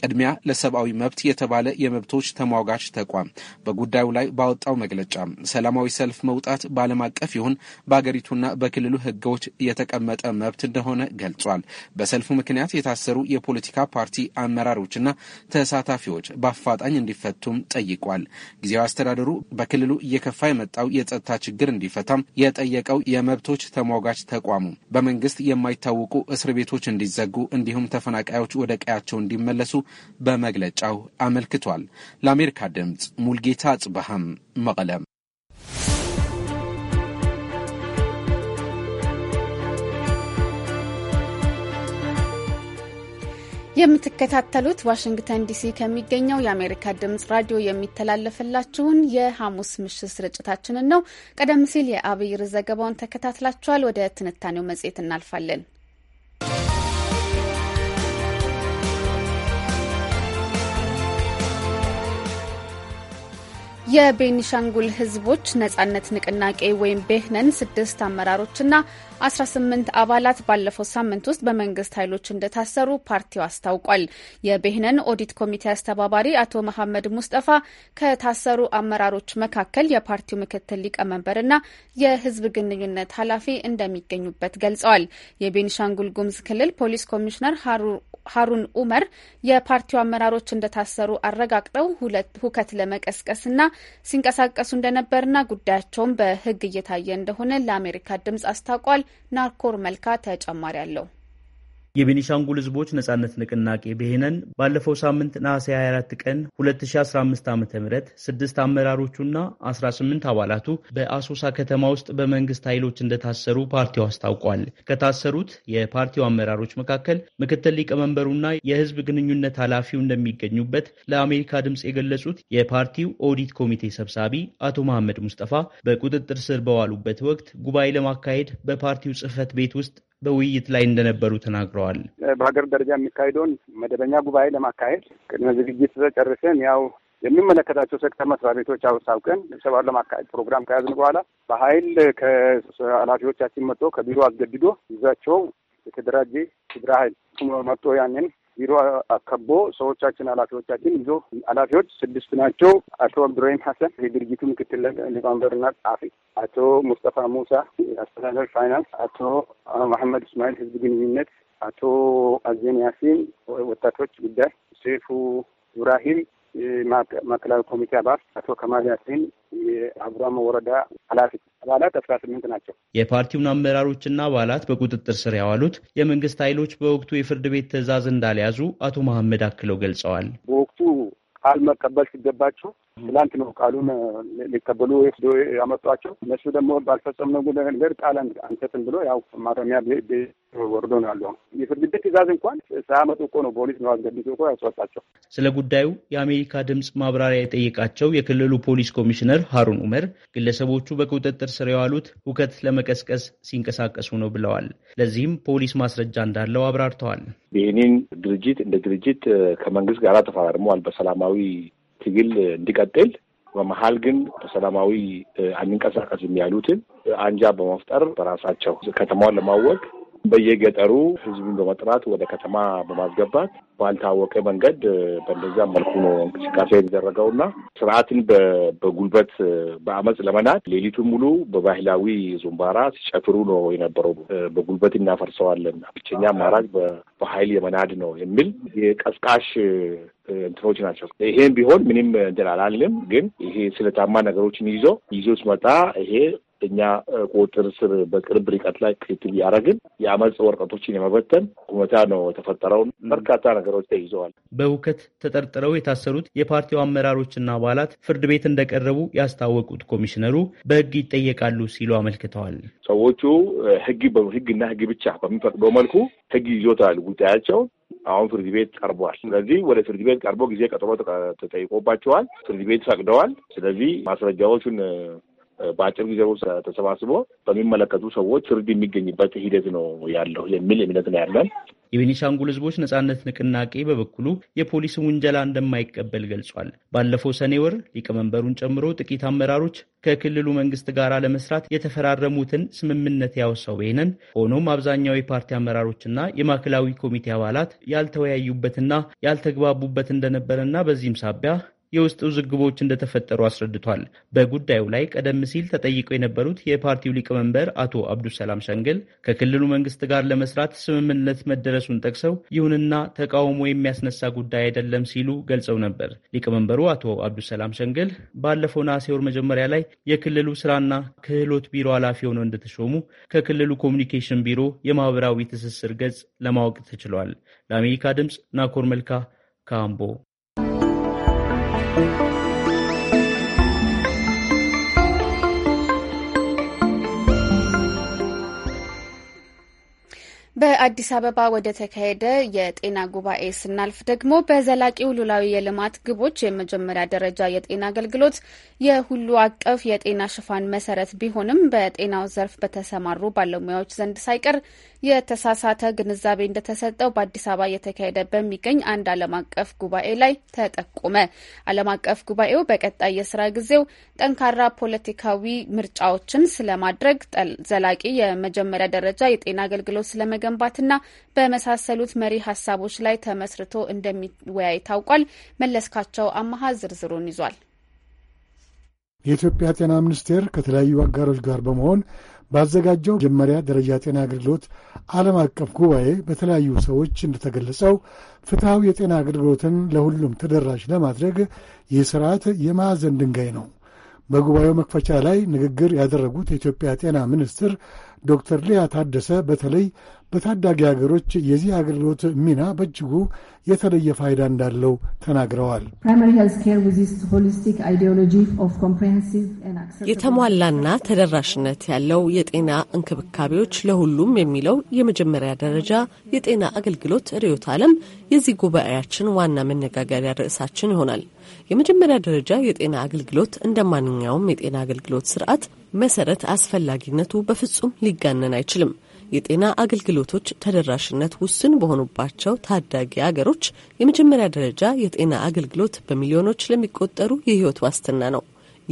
ቅድሚያ ለሰብአዊ መብት የተባለ የመብቶች ተሟጋች ተቋም በጉዳዩ ላይ ባወጣው መግለጫ ሰላማዊ ሰልፍ መውጣት በዓለም አቀፍ ይሁን በአገሪቱና በክልሉ ሕጎች የተቀመጠ መብት እንደሆነ ገልጿል። በሰልፉ ምክንያት የታሰሩ የፖለቲካ ፓርቲ አመራሮችና ተሳታፊዎች በአፋጣኝ እንዲፈቱም ጠይቋል። ጊዜያዊ አስተዳደሩ በክልሉ እየከፋ የመጣው የጸጥታ ችግር እንዲፈታም የጠየቀው የመብቶች ተሟጋች ተቋሙ በመንግስት የማይታወቁ እስር ቤቶች እንዲዘጉ እንዲሁም ተፈናቃዮች ወደ ቀያቸው እንዲመለሱ በመግለጫው አመልክቷል። ለአሜሪካ ድምጽ ሙልጌታ ጽበሃም መቀለም የምትከታተሉት ዋሽንግተን ዲሲ ከሚገኘው የአሜሪካ ድምጽ ራዲዮ የሚተላለፍላችሁን የሐሙስ ምሽት ስርጭታችንን ነው። ቀደም ሲል የአብይር ዘገባውን ተከታትላችኋል። ወደ ትንታኔው መጽሔት እናልፋለን። የቤኒሻንጉል ህዝቦች ነጻነት ንቅናቄ ወይም ቤህነን ስድስት አመራሮችና አስራ ስምንት አባላት ባለፈው ሳምንት ውስጥ በመንግስት ኃይሎች እንደታሰሩ ፓርቲው አስታውቋል። የቤህነን ኦዲት ኮሚቴ አስተባባሪ አቶ መሐመድ ሙስጠፋ ከታሰሩ አመራሮች መካከል የፓርቲው ምክትል ሊቀመንበርና የህዝብ ግንኙነት ኃላፊ እንደሚገኙበት ገልጸዋል። የቤኒሻንጉል ጉሙዝ ክልል ፖሊስ ኮሚሽነር ሀሩን ኡመር የፓርቲው አመራሮች እንደታሰሩ አረጋግጠው ሁከት ለመቀስቀስና ሲንቀሳቀሱ እንደነበርና ጉዳያቸውን በሕግ እየታየ እንደሆነ ለአሜሪካ ድምጽ አስታውቋል። ናርኮር መልካ ተጨማሪ አለው። የቤኒሻንጉል ህዝቦች ነጻነት ንቅናቄ ብሄነን ባለፈው ሳምንት ነሐሴ 24 ቀን 2015 ዓ ም ስድስት አመራሮቹና 18 አባላቱ በአሶሳ ከተማ ውስጥ በመንግስት ኃይሎች እንደታሰሩ ፓርቲው አስታውቋል። ከታሰሩት የፓርቲው አመራሮች መካከል ምክትል ሊቀመንበሩና የህዝብ ግንኙነት ኃላፊው እንደሚገኙበት ለአሜሪካ ድምፅ የገለጹት የፓርቲው ኦዲት ኮሚቴ ሰብሳቢ አቶ መሐመድ ሙስጠፋ በቁጥጥር ስር በዋሉበት ወቅት ጉባኤ ለማካሄድ በፓርቲው ጽህፈት ቤት ውስጥ በውይይት ላይ እንደነበሩ ተናግረዋል። በሀገር ደረጃ የሚካሄደውን መደበኛ ጉባኤ ለማካሄድ ቅድመ ዝግጅት ተጨርሰን ያው የሚመለከታቸው ሴክተር መስሪያ ቤቶች አውሳውቀን ስብሰባውን ለማካሄድ ፕሮግራም ከያዝን በኋላ በኃይል ከኃላፊዎቻችን መጥቶ ከቢሮ አስገድዶ ይዛቸው የተደራጀ ግብረ ኃይል መጥቶ ያንን ቢሮ አከቦ ሰዎቻችን ኃላፊዎቻችን ይዞ ኃላፊዎች ስድስት ናቸው። አቶ አብዱራሂም ሀሰን የድርጅቱ ምክትል ሊቀመንበርና ጸሐፊ፣ አቶ ሙስጠፋ ሙሳ አስተዳደር ፋይናንስ፣ አቶ መሐመድ እስማኤል ህዝብ ግንኙነት፣ አቶ አዜን ያሲን ወጣቶች ጉዳይ፣ ሴፉ ኢብራሂም ማዕከላዊ ኮሚቴ አባል አቶ ከማል ያሲን የአቡራማ ወረዳ ኃላፊ አባላት አስራ ስምንት ናቸው። የፓርቲውን አመራሮችና አባላት በቁጥጥር ስር ያዋሉት የመንግስት ኃይሎች በወቅቱ የፍርድ ቤት ትዕዛዝ እንዳልያዙ አቶ መሐመድ አክለው ገልጸዋል። በወቅቱ ቃል መቀበል ሲገባቸው ትላንት ነው ቃሉን ሊቀበሉ ወስዶ ያመጧቸው። እነሱ ደግሞ ባልፈጸምነው ነገር ቃል አንሰጥም ብሎ ያው ማረሚያ ወርዶ ነው ያለው። የፍርድ ቤት ትዕዛዝ እንኳን ሳያመጡ እኮ ነው ፖሊስ ነው አስገብቶ እኮ ያስወጣቸው። ስለ ጉዳዩ የአሜሪካ ድምፅ ማብራሪያ የጠየቃቸው የክልሉ ፖሊስ ኮሚሽነር ሀሩን ኡመር ግለሰቦቹ በቁጥጥር ስር የዋሉት ሁከት ለመቀስቀስ ሲንቀሳቀሱ ነው ብለዋል። ለዚህም ፖሊስ ማስረጃ እንዳለው አብራርተዋል። ይህንን ድርጅት እንደ ድርጅት ከመንግስት ጋር ተፈራርመዋል በሰላማዊ ትግል እንዲቀጥል በመሀል ግን በሰላማዊ አንንቀሳቀስ የሚያሉትን አንጃ በመፍጠር በራሳቸው ከተማውን ለማወቅ በየገጠሩ ህዝቡን በመጥራት ወደ ከተማ በማስገባት ባልታወቀ መንገድ በእንደዚያ መልኩ ነው እንቅስቃሴ የተደረገውና ስርዓትን በጉልበት በአመፅ ለመናድ ሌሊቱን ሙሉ በባህላዊ ዙምባራ ሲጨፍሩ ነው የነበረው። በጉልበት እናፈርሰዋለን፣ ብቸኛ አማራጭ በኃይል የመናድ ነው የሚል የቀስቃሽ እንትኖች ናቸው። ይሄም ቢሆን ምንም እንትን ግን ይሄ ስለታማ ነገሮችን ይዞ ይዞ ሲመጣ ይሄ እኛ ቁጥር ስር በቅርብ ርቀት ላይ ክትትል ያደረግን የአመፅ ወረቀቶችን የመበተን ሁመታ ነው የተፈጠረውን በርካታ ነገሮች ተይዘዋል። በውከት ተጠርጥረው የታሰሩት የፓርቲው አመራሮችና አባላት ፍርድ ቤት እንደቀረቡ ያስታወቁት ኮሚሽነሩ በህግ ይጠየቃሉ ሲሉ አመልክተዋል። ሰዎቹ ህግ ህግና ህግ ብቻ በሚፈቅደው መልኩ ህግ ይዞታል ጉዳያቸው አሁን ፍርድ ቤት ቀርቧል። ስለዚህ ወደ ፍርድ ቤት ቀርቦ ጊዜ ቀጠሮ ተጠይቆባቸዋል። ፍርድ ቤት ፈቅደዋል። ስለዚህ ማስረጃዎቹን በአጭር ጊዜ ውስጥ ተሰባስቦ በሚመለከቱ ሰዎች ርድ የሚገኝበት ሂደት ነው ያለው የሚል እምነት ነው ያለን። የቤኒሻንጉል ሕዝቦች ነጻነት ንቅናቄ በበኩሉ የፖሊስን ውንጀላ እንደማይቀበል ገልጿል። ባለፈው ሰኔ ወር ሊቀመንበሩን ጨምሮ ጥቂት አመራሮች ከክልሉ መንግስት ጋር ለመስራት የተፈራረሙትን ስምምነት ያወሳው ይህንን ሆኖም አብዛኛው የፓርቲ አመራሮችና የማዕከላዊ ኮሚቴ አባላት ያልተወያዩበትና ያልተግባቡበት እንደነበረና በዚህም ሳቢያ የውስጥ ውዝግቦች እንደተፈጠሩ አስረድቷል። በጉዳዩ ላይ ቀደም ሲል ተጠይቀው የነበሩት የፓርቲው ሊቀመንበር አቶ አብዱሰላም ሸንገል ከክልሉ መንግስት ጋር ለመስራት ስምምነት መደረሱን ጠቅሰው ይሁንና ተቃውሞ የሚያስነሳ ጉዳይ አይደለም ሲሉ ገልጸው ነበር። ሊቀመንበሩ አቶ አብዱሰላም ሸንገል ባለፈው ነሐሴ ወር መጀመሪያ ላይ የክልሉ ስራና ክህሎት ቢሮ ኃላፊ ሆነው እንደተሾሙ ከክልሉ ኮሚኒኬሽን ቢሮ የማህበራዊ ትስስር ገጽ ለማወቅ ተችሏል። ለአሜሪካ ድምፅ ናኮር መልካ ካምቦ በአዲስ አበባ ወደ ተካሄደ የጤና ጉባኤ ስናልፍ ደግሞ በዘላቂው ሉላዊ የልማት ግቦች የመጀመሪያ ደረጃ የጤና አገልግሎት የሁሉ አቀፍ የጤና ሽፋን መሰረት ቢሆንም በጤናው ዘርፍ በተሰማሩ ባለሙያዎች ዘንድ ሳይቀር የተሳሳተ ግንዛቤ እንደተሰጠው በአዲስ አበባ እየተካሄደ በሚገኝ አንድ ዓለም አቀፍ ጉባኤ ላይ ተጠቆመ። ዓለም አቀፍ ጉባኤው በቀጣይ የስራ ጊዜው ጠንካራ ፖለቲካዊ ምርጫዎችን ስለማድረግ ዘላቂ የመጀመሪያ ደረጃ የጤና አገልግሎት ስለመገ መገንባትና በመሳሰሉት መሪ ሀሳቦች ላይ ተመስርቶ እንደሚወያይ ታውቋል። መለስካቸው አመሃ ዝርዝሩን ይዟል። የኢትዮጵያ ጤና ሚኒስቴር ከተለያዩ አጋሮች ጋር በመሆን ባዘጋጀው መጀመሪያ ደረጃ ጤና አገልግሎት ዓለም አቀፍ ጉባኤ በተለያዩ ሰዎች እንደተገለጸው ፍትሐዊ የጤና አገልግሎትን ለሁሉም ተደራሽ ለማድረግ ይህ ስርዓት የማዕዘን ድንጋይ ነው። በጉባኤው መክፈቻ ላይ ንግግር ያደረጉት የኢትዮጵያ ጤና ሚኒስትር ዶክተር ሊያ ታደሰ በተለይ በታዳጊ ሀገሮች የዚህ አገልግሎት ሚና በእጅጉ የተለየ ፋይዳ እንዳለው ተናግረዋል። የተሟላና ተደራሽነት ያለው የጤና እንክብካቤዎች ለሁሉም የሚለው የመጀመሪያ ደረጃ የጤና አገልግሎት ርዕዮተ ዓለም የዚህ ጉባኤያችን ዋና መነጋገሪያ ርዕሳችን ይሆናል። የመጀመሪያ ደረጃ የጤና አገልግሎት እንደ ማንኛውም የጤና አገልግሎት ስርዓት መሰረት አስፈላጊነቱ በፍጹም ሊጋነን አይችልም። የጤና አገልግሎቶች ተደራሽነት ውስን በሆኑባቸው ታዳጊ አገሮች የመጀመሪያ ደረጃ የጤና አገልግሎት በሚሊዮኖች ለሚቆጠሩ የህይወት ዋስትና ነው።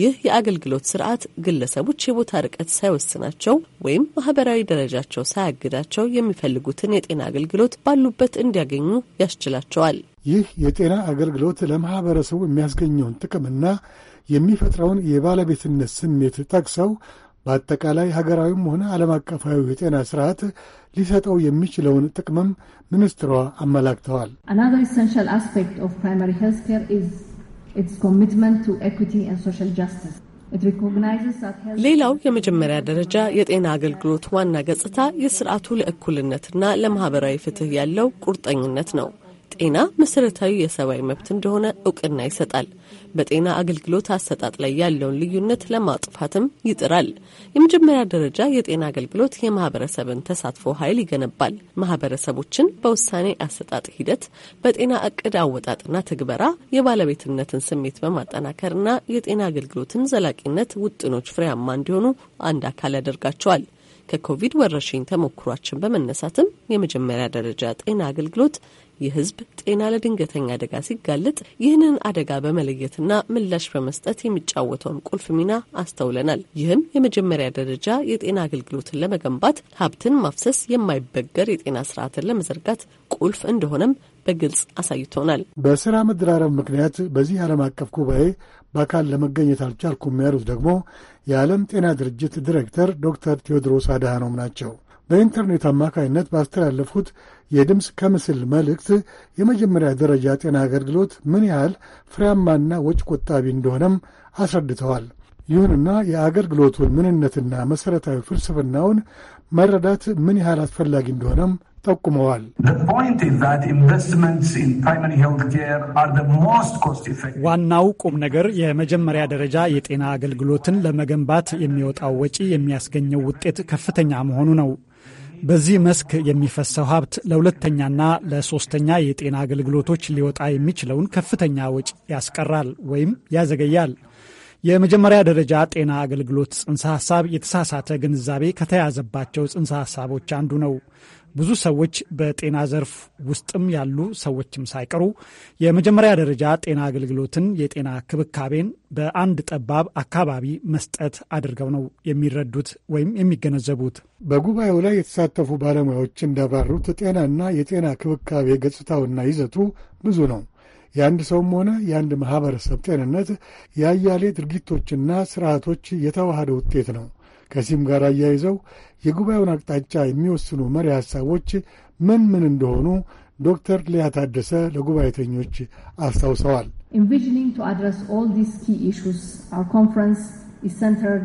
ይህ የአገልግሎት ስርዓት ግለሰቦች የቦታ ርቀት ሳይወስናቸው ወይም ማህበራዊ ደረጃቸው ሳያግዳቸው የሚፈልጉትን የጤና አገልግሎት ባሉበት እንዲያገኙ ያስችላቸዋል። ይህ የጤና አገልግሎት ለማኅበረሰቡ የሚያስገኘውን ጥቅምና የሚፈጥረውን የባለቤትነት ስሜት ጠቅሰው በአጠቃላይ ሀገራዊም ሆነ ዓለም አቀፋዊ የጤና ስርዓት ሊሰጠው የሚችለውን ጥቅምም ሚኒስትሯ አመላክተዋል። ሌላው የመጀመሪያ ደረጃ የጤና አገልግሎት ዋና ገጽታ የስርዓቱ ለእኩልነትና ለማኅበራዊ ፍትህ ያለው ቁርጠኝነት ነው። ጤና መሰረታዊ የሰብአዊ መብት እንደሆነ እውቅና ይሰጣል። በጤና አገልግሎት አሰጣጥ ላይ ያለውን ልዩነት ለማጥፋትም ይጥራል። የመጀመሪያ ደረጃ የጤና አገልግሎት የማህበረሰብን ተሳትፎ ኃይል ይገነባል። ማህበረሰቦችን በውሳኔ አሰጣጥ ሂደት፣ በጤና እቅድ አወጣጥና ትግበራ የባለቤትነትን ስሜት በማጠናከርና የጤና አገልግሎትን ዘላቂነት ውጥኖች ፍሬያማ እንዲሆኑ አንድ አካል ያደርጋቸዋል። ከኮቪድ ወረርሽኝ ተሞክሯችን በመነሳትም የመጀመሪያ ደረጃ ጤና አገልግሎት የህዝብ ጤና ለድንገተኛ አደጋ ሲጋለጥ ይህንን አደጋ በመለየትና ምላሽ በመስጠት የሚጫወተውን ቁልፍ ሚና አስተውለናል። ይህም የመጀመሪያ ደረጃ የጤና አገልግሎትን ለመገንባት ሀብትን ማፍሰስ የማይበገር የጤና ስርዓትን ለመዘርጋት ቁልፍ እንደሆነም በግልጽ አሳይቶናል። በስራ መደራረብ ምክንያት በዚህ ዓለም አቀፍ ጉባኤ በአካል ለመገኘት አልቻልኩም ያሉት ደግሞ የዓለም ጤና ድርጅት ዲሬክተር ዶክተር ቴዎድሮስ አድሃኖም ናቸው። በኢንተርኔት አማካይነት ባስተላለፉት የድምፅ ከምስል መልእክት የመጀመሪያ ደረጃ ጤና አገልግሎት ምን ያህል ፍሬያማና ወጭ ቆጣቢ እንደሆነም አስረድተዋል። ይሁንና የአገልግሎቱን ምንነትና መሠረታዊ ፍልስፍናውን መረዳት ምን ያህል አስፈላጊ እንደሆነም ጠቁመዋል። ዋናው ቁም ነገር የመጀመሪያ ደረጃ የጤና አገልግሎትን ለመገንባት የሚወጣው ወጪ የሚያስገኘው ውጤት ከፍተኛ መሆኑ ነው። በዚህ መስክ የሚፈሰው ሀብት ለሁለተኛና ለሶስተኛ የጤና አገልግሎቶች ሊወጣ የሚችለውን ከፍተኛ ወጪ ያስቀራል ወይም ያዘገያል። የመጀመሪያ ደረጃ ጤና አገልግሎት ጽንሰ ሀሳብ የተሳሳተ ግንዛቤ ከተያዘባቸው ጽንሰ ሀሳቦች አንዱ ነው። ብዙ ሰዎች በጤና ዘርፍ ውስጥም ያሉ ሰዎችም ሳይቀሩ የመጀመሪያ ደረጃ ጤና አገልግሎትን የጤና ክብካቤን በአንድ ጠባብ አካባቢ መስጠት አድርገው ነው የሚረዱት ወይም የሚገነዘቡት። በጉባኤው ላይ የተሳተፉ ባለሙያዎች እንዳብራሩት ጤናና የጤና ክብካቤ ገጽታውና ይዘቱ ብዙ ነው። የአንድ ሰውም ሆነ የአንድ ማህበረሰብ ጤንነት የአያሌ ድርጊቶችና ስርዓቶች የተዋሃደ ውጤት ነው። ከዚህም ጋር አያይዘው የጉባኤውን አቅጣጫ የሚወስኑ መሪ ሐሳቦች ምን ምን እንደሆኑ ዶክተር ሊያ ታደሰ ለጉባኤተኞች አስታውሰዋል። ኢንቪዥኒንግ ቱ አድረስ ኦል ዲስ ኪ ኢሹስ አወር ኮንፈረንስ ኢዝ ሰንተርድ?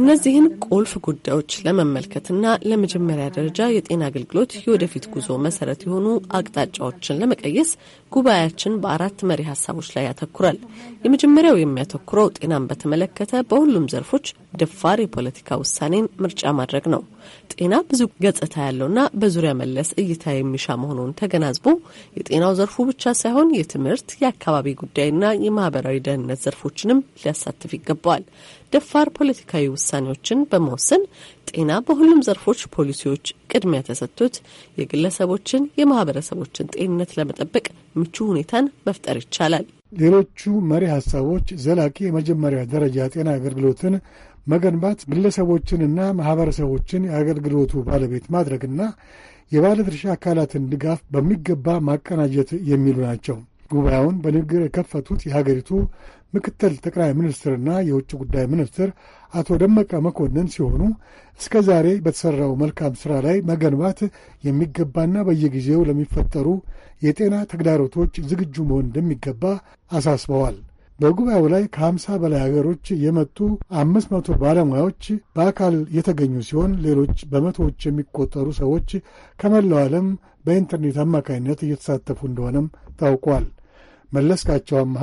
እነዚህን ቁልፍ ጉዳዮች ለመመልከትና ለመጀመሪያ ደረጃ የጤና አገልግሎት የወደፊት ጉዞ መሰረት የሆኑ አቅጣጫዎችን ለመቀየስ ጉባኤያችን በአራት መሪ ሀሳቦች ላይ ያተኩራል። የመጀመሪያው የሚያተኩረው ጤናን በተመለከተ በሁሉም ዘርፎች ደፋር የፖለቲካ ውሳኔን ምርጫ ማድረግ ነው። ጤና ብዙ ገጽታ ያለውና በዙሪያ መለስ እይታ የሚሻ መሆኑን ተገናዝቦ የጤናው ዘርፉ ብቻ ሳይሆን የትምህርት፣ የአካባቢ ጉዳይና የማህበራዊ ደህንነት ዘርፎችንም ሊያሳትፍ ይገባል። ይገባዋል። ደፋር ፖለቲካዊ ውሳኔዎችን በመወሰን ጤና በሁሉም ዘርፎች ፖሊሲዎች ቅድሚያ ተሰጥቶት የግለሰቦችን የማህበረሰቦችን ጤንነት ለመጠበቅ ምቹ ሁኔታን መፍጠር ይቻላል። ሌሎቹ መሪ ሀሳቦች ዘላቂ የመጀመሪያ ደረጃ ጤና አገልግሎትን መገንባት፣ ግለሰቦችንና ማህበረሰቦችን የአገልግሎቱ ባለቤት ማድረግና የባለድርሻ አካላትን ድጋፍ በሚገባ ማቀናጀት የሚሉ ናቸው። ጉባኤውን በንግግር የከፈቱት የሀገሪቱ ምክትል ጠቅላይ ሚኒስትርና የውጭ ጉዳይ ሚኒስትር አቶ ደመቀ መኮንን ሲሆኑ እስከ ዛሬ በተሠራው መልካም ሥራ ላይ መገንባት የሚገባና በየጊዜው ለሚፈጠሩ የጤና ተግዳሮቶች ዝግጁ መሆን እንደሚገባ አሳስበዋል። በጉባኤው ላይ ከሀምሳ በላይ ሀገሮች የመጡ አምስት መቶ ባለሙያዎች በአካል የተገኙ ሲሆን ሌሎች በመቶዎች የሚቆጠሩ ሰዎች ከመላው ዓለም በኢንተርኔት አማካኝነት እየተሳተፉ እንደሆነም ታውቋል። መለስካቸው አምሃ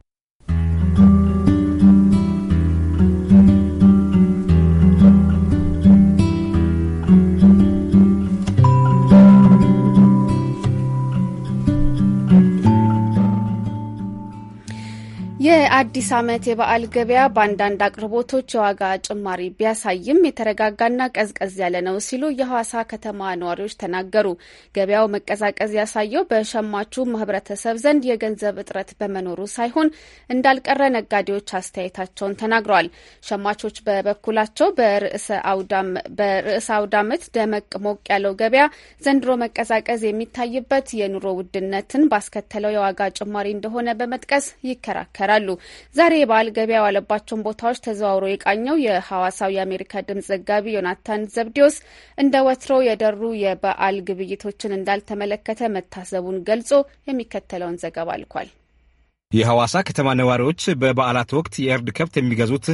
የአዲስ ዓመት የበዓል ገበያ በአንዳንድ አቅርቦቶች የዋጋ ጭማሪ ቢያሳይም የተረጋጋና ቀዝቀዝ ያለ ነው ሲሉ የሐዋሳ ከተማ ነዋሪዎች ተናገሩ። ገበያው መቀዛቀዝ ያሳየው በሸማቹ ማህበረተሰብ ዘንድ የገንዘብ እጥረት በመኖሩ ሳይሆን እንዳልቀረ ነጋዴዎች አስተያየታቸውን ተናግረዋል። ሸማቾች በበኩላቸው በርዕሰ አውዳመት ደመቅ ሞቅ ያለው ገበያ ዘንድሮ መቀዛቀዝ የሚታይበት የኑሮ ውድነትን ባስከተለው የዋጋ ጭማሪ እንደሆነ በመጥቀስ ይከራከራል። ይናገራሉ። ዛሬ የበዓል ገበያ የዋለባቸውን ቦታዎች ተዘዋውሮ የቃኘው የሐዋሳው የአሜሪካ ድምፅ ዘጋቢ ዮናታን ዘብዲዮስ እንደ ወትሮ የደሩ የበዓል ግብይቶችን እንዳልተመለከተ መታሰቡን ገልጾ የሚከተለውን ዘገባ አልኳል። የሐዋሳ ከተማ ነዋሪዎች በበዓላት ወቅት የእርድ ከብት የሚገዙት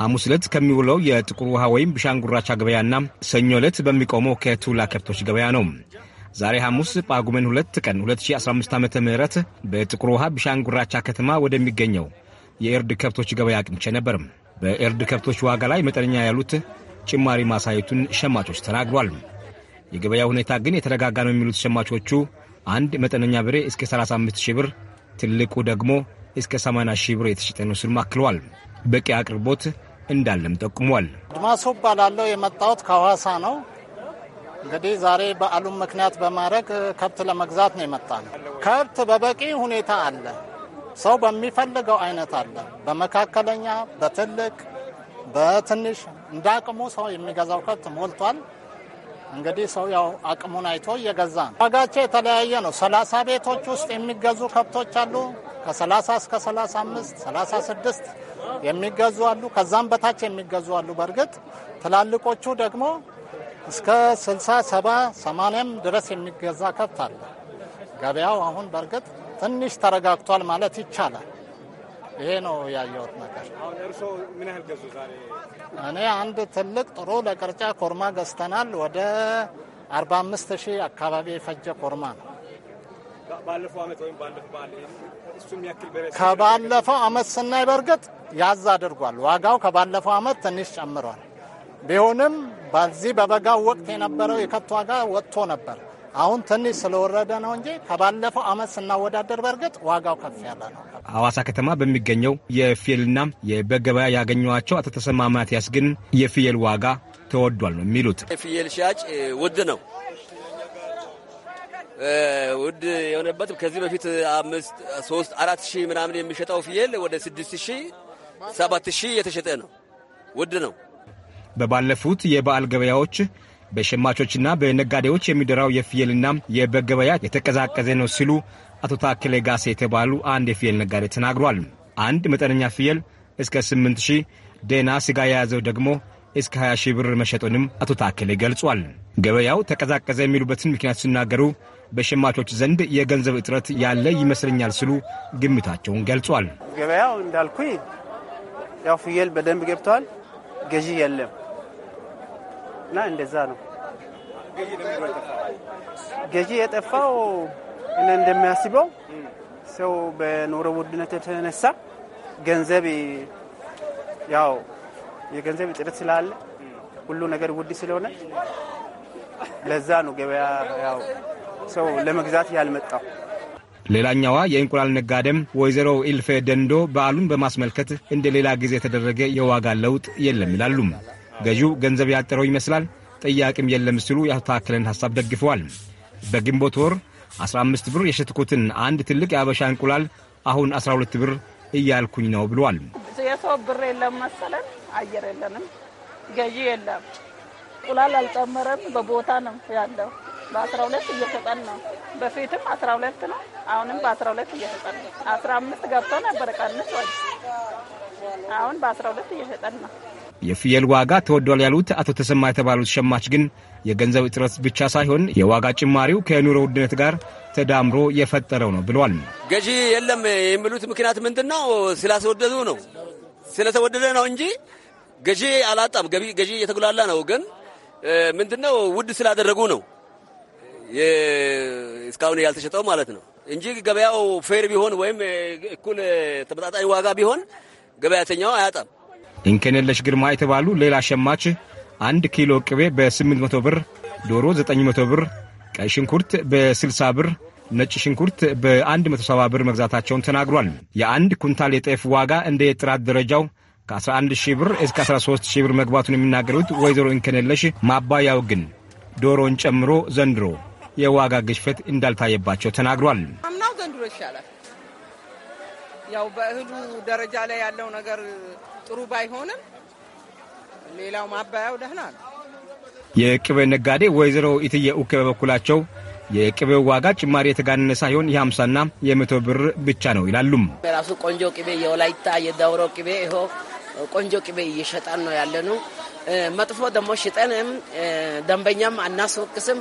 ሐሙስ ዕለት ከሚውለው የጥቁር ውሃ ወይም ብሻንጉራቻ ገበያና ሰኞ ዕለት በሚቆመው ከቱላ ከብቶች ገበያ ነው። ዛሬ ሐሙስ ጳጉመን 2 ቀን 2015 ዓ ም በጥቁር ውሃ ቢሻንጉራቻ ከተማ ወደሚገኘው የእርድ ከብቶች ገበያ አቅንቼ ነበርም። በእርድ ከብቶች ዋጋ ላይ መጠነኛ ያሉት ጭማሪ ማሳየቱን ሸማቾች ተናግሯል። የገበያ ሁኔታ ግን የተረጋጋ ነው የሚሉት ሸማቾቹ አንድ መጠነኛ በሬ እስከ 35 ሺህ ብር፣ ትልቁ ደግሞ እስከ 80 ሺህ ብር የተሸጠ ነው ሲሉም አክለዋል። በቂ አቅርቦት እንዳለም ጠቁሟል። ድማሶ እባላለሁ። የመጣሁት ከሐዋሳ ነው። እንግዲህ ዛሬ በዓሉን ምክንያት በማድረግ ከብት ለመግዛት ነው የመጣ ነው። ከብት በበቂ ሁኔታ አለ። ሰው በሚፈልገው አይነት አለ። በመካከለኛ፣ በትልቅ፣ በትንሽ እንደ አቅሙ ሰው የሚገዛው ከብት ሞልቷል። እንግዲህ ሰው ያው አቅሙን አይቶ እየገዛ ነው። ዋጋቸው የተለያየ ነው። ሰላሳ ቤቶች ውስጥ የሚገዙ ከብቶች አሉ። ከሰላሳ እስከ ሰላሳ አምስት ሰላሳ ስድስት የሚገዙ አሉ። ከዛም በታች የሚገዙ አሉ። በእርግጥ ትላልቆቹ ደግሞ እስከ 60 70 80ም ድረስ የሚገዛ ከብት አለ። ገበያው አሁን በእርግጥ ትንሽ ተረጋግቷል ማለት ይቻላል። ይሄ ነው ያየሁት ነገር። ምን ያህል ገዙ ዛሬ? እኔ አንድ ትልቅ ጥሩ ለቅርጫ ኮርማ ገዝተናል። ወደ 45 ሺህ አካባቢ የፈጀ ኮርማ ነው። ከባለፈው አመት ስናይ በእርግጥ ያዝ አድርጓል ዋጋው። ከባለፈው አመት ትንሽ ጨምሯል። ቢሆንም በዚህ በበጋው ወቅት የነበረው የከብት ዋጋ ወጥቶ ነበር። አሁን ትንሽ ስለወረደ ነው እንጂ ከባለፈው አመት ስናወዳደር በእርግጥ ዋጋው ከፍ ያለ ነው። ሐዋሳ ከተማ በሚገኘው የፍየልና የበግ ገበያ ያገኘኋቸው አቶ ተሰማ ማቲያስ ግን የፍየል ዋጋ ተወዷል ነው የሚሉት። የፍየል ሽያጭ ውድ ነው። ውድ የሆነበት ከዚህ በፊት አምስት ሶስት አራት ሺህ ምናምን የሚሸጠው ፍየል ወደ ስድስት ሺህ ሰባት ሺህ የተሸጠ ነው። ውድ ነው። በባለፉት የበዓል ገበያዎች በሸማቾችና በነጋዴዎች የሚደራው የፍየልና የበግ ገበያ የተቀዛቀዘ ነው ሲሉ አቶ ታክሌ ጋሴ የተባሉ አንድ የፍየል ነጋዴ ተናግሯል። አንድ መጠነኛ ፍየል እስከ 8 ሺህ ደና ስጋ የያዘው ደግሞ እስከ 20 ሺህ ብር መሸጡንም አቶ ታክሌ ገልጿል። ገበያው ተቀዛቀዘ የሚሉበትን ምክንያት ሲናገሩ በሸማቾች ዘንድ የገንዘብ እጥረት ያለ ይመስለኛል ሲሉ ግምታቸውን ገልጿል። ገበያው እንዳልኩኝ ያው ፍየል በደንብ ገብተዋል፣ ገዢ የለም እና እንደዛ ነው ገዢ የጠፋው እና እንደሚያስበው ሰው በኑሮ ውድነት የተነሳ ገንዘብ ያው የገንዘብ እጥረት ስላለ ሁሉ ነገር ውድ ስለሆነ ለዛ ነው ገበያ ያው ሰው ለመግዛት ያልመጣው። ሌላኛዋ የእንቁላል ነጋዴም ወይዘሮ ኢልፌ ደንዶ በዓሉን በማስመልከት እንደ ሌላ ጊዜ የተደረገ የዋጋ ለውጥ የለም ይላሉም። ገዢው ገንዘብ ያጠረው ይመስላል፣ ጥያቄም የለም ሲሉ የአቶ ሐሳብ ደግፈዋል። በግንቦት ወር 15 ብር የሸጥኩትን አንድ ትልቅ የአበሻ እንቁላል አሁን 12 ብር እያልኩኝ ነው ብለዋል። የሰው ብር የለም መሰለን፣ አየር የለንም፣ ገዢ የለም፣ እንቁላል አልጨመረም። በቦታ ነው ያለው። በ12 እየሸጠን ነው። በፊትም 12 ነው፣ አሁንም በ12 እየሸጠን ነው። 15 ገብቶ ነበር ቀንስ፣ አሁን በ12 እየሸጠን ነው። የፍየል ዋጋ ተወዷል ያሉት አቶ ተሰማ የተባሉት ሸማች ግን የገንዘብ እጥረት ብቻ ሳይሆን የዋጋ ጭማሪው ከኑሮ ውድነት ጋር ተዳምሮ የፈጠረው ነው ብሏል። ገዢ የለም የሚሉት ምክንያት ምንድን ነው? ስላስወደዱ ነው። ስለተወደደ ነው እንጂ ገዢ አላጣም። ገዢ እየተጉላላ ነው። ግን ምንድን ነው ውድ ስላደረጉ ነው እስካሁን ያልተሸጠው ማለት ነው እንጂ ገበያው ፌር ቢሆን ወይም እኩል ተመጣጣኝ ዋጋ ቢሆን ገበያተኛው አያጣም። ድንከኔለሽ ግርማ የተባሉ ሌላ ሸማች አንድ ኪሎ ቅቤ በ800 ብር፣ ዶሮ 900 ብር፣ ቀይ ሽንኩርት በ60 ብር፣ ነጭ ሽንኩርት በ170 ብር መግዛታቸውን ተናግሯል። የአንድ ኩንታል የጤፍ ዋጋ እንደ የጥራት ደረጃው ከ11 ሺህ ብር እስከ 13 ሺህ ብር መግባቱን የሚናገሩት ወይዘሮ ኢንከኔለሽ ማባያው ግን ዶሮን ጨምሮ ዘንድሮ የዋጋ ግሽፈት እንዳልታየባቸው ተናግሯል። አምናው ዘንድሮ ይሻላል ያው በእህሉ ደረጃ ላይ ያለው ነገር ጥሩ ባይሆንም ሌላው ማባያው ደህና ነው። የቅቤ ነጋዴ ወይዘሮ ኢትየ ኡኬ በበኩላቸው የቅቤው ዋጋ ጭማሪ የተጋነነ ሳይሆን የሀምሳና የመቶ ብር ብቻ ነው ይላሉም። የራሱ ቆንጆ ቅቤ የወላይታ የዳውሮ ቅቤ ይኸው ቆንጆ ቅቤ እየሸጠን ነው ያለኑ። መጥፎ ደግሞ ሽጠንም ደንበኛም አናስወቅስም።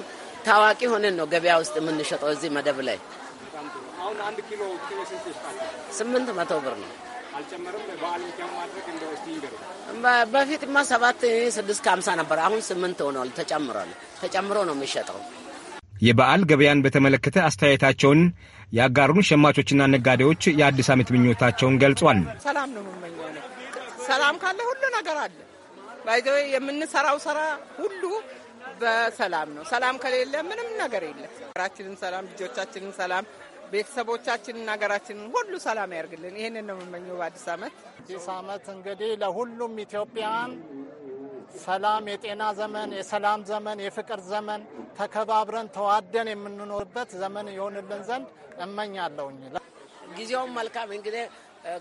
ታዋቂ ሆነን ነው ገበያ ውስጥ የምንሸጠው እዚህ መደብ ላይ አሁን አንድ ኪሎ ኪሎ ስንት ይሽጣል? ስምንት መቶ ብር ነው። አልጨመረም። በዓል ብቻም ማድረግ እንደው እስቲ ይንገሩ። በፊትማ ሰባት ስድስት ከሀምሳ ነበር። አሁን ስምንት ሆኗል። ተጨምሯል። ተጨምሮ ነው የሚሸጠው። የበዓል ገበያን በተመለከተ አስተያየታቸውን ያጋሩን ሸማቾችና ነጋዴዎች የአዲስ ዓመት ምኞታቸውን ገልጿል። ሰላም ነው የምመኘው። ሰላም ካለ ሁሉ ነገር አለ። ባይዘ የምንሰራው ስራ ሁሉ በሰላም ነው። ሰላም ከሌለ ምንም ነገር የለም። ራችንን ሰላም፣ ልጆቻችንን ሰላም ቤተሰቦቻችንና ሀገራችንን ሁሉ ሰላም ያርግልን። ይህንን ነው የምመኘው በአዲስ ዓመት። አዲስ አመት እንግዲህ ለሁሉም ኢትዮጵያን ሰላም፣ የጤና ዘመን፣ የሰላም ዘመን፣ የፍቅር ዘመን ተከባብረን ተዋደን የምንኖርበት ዘመን የሆንልን ዘንድ እመኛለሁኝ። ጊዜውም መልካም እንግዲህ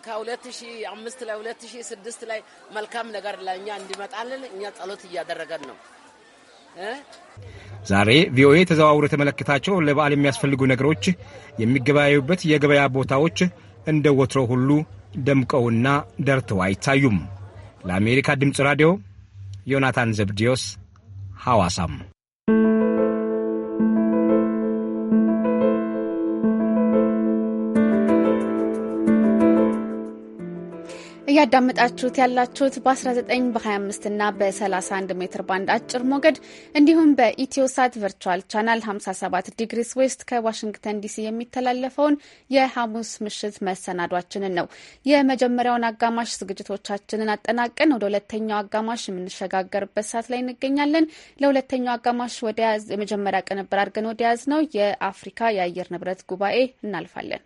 ከ2005 ላይ 2006 ላይ መልካም ነገር ለእኛ እንዲመጣልን እኛ ጸሎት እያደረገን ነው። ዛሬ ቪኦኤ ተዘዋውሮ የተመለከታቸው ለበዓል የሚያስፈልጉ ነገሮች የሚገበያዩበት የገበያ ቦታዎች እንደ ወትሮ ሁሉ ደምቀውና ደርተው አይታዩም። ለአሜሪካ ድምፅ ራዲዮ ዮናታን ዘብዲዮስ ሐዋሳም እያዳመጣችሁት ያላችሁት በ19 በ25 እና በ31 ሜትር ባንድ አጭር ሞገድ እንዲሁም በኢትዮሳት ቨርቹዋል ቻናል 57 ዲግሪስ ዌስት ከዋሽንግተን ዲሲ የሚተላለፈውን የሐሙስ ምሽት መሰናዷችንን ነው። የመጀመሪያውን አጋማሽ ዝግጅቶቻችንን አጠናቀን ወደ ሁለተኛው አጋማሽ የምንሸጋገርበት ሰዓት ላይ እንገኛለን። ለሁለተኛው አጋማሽ ወደያዝ የመጀመሪያ ቅንብር አድርገን ወደያዝ ነው የአፍሪካ የአየር ንብረት ጉባኤ እናልፋለን።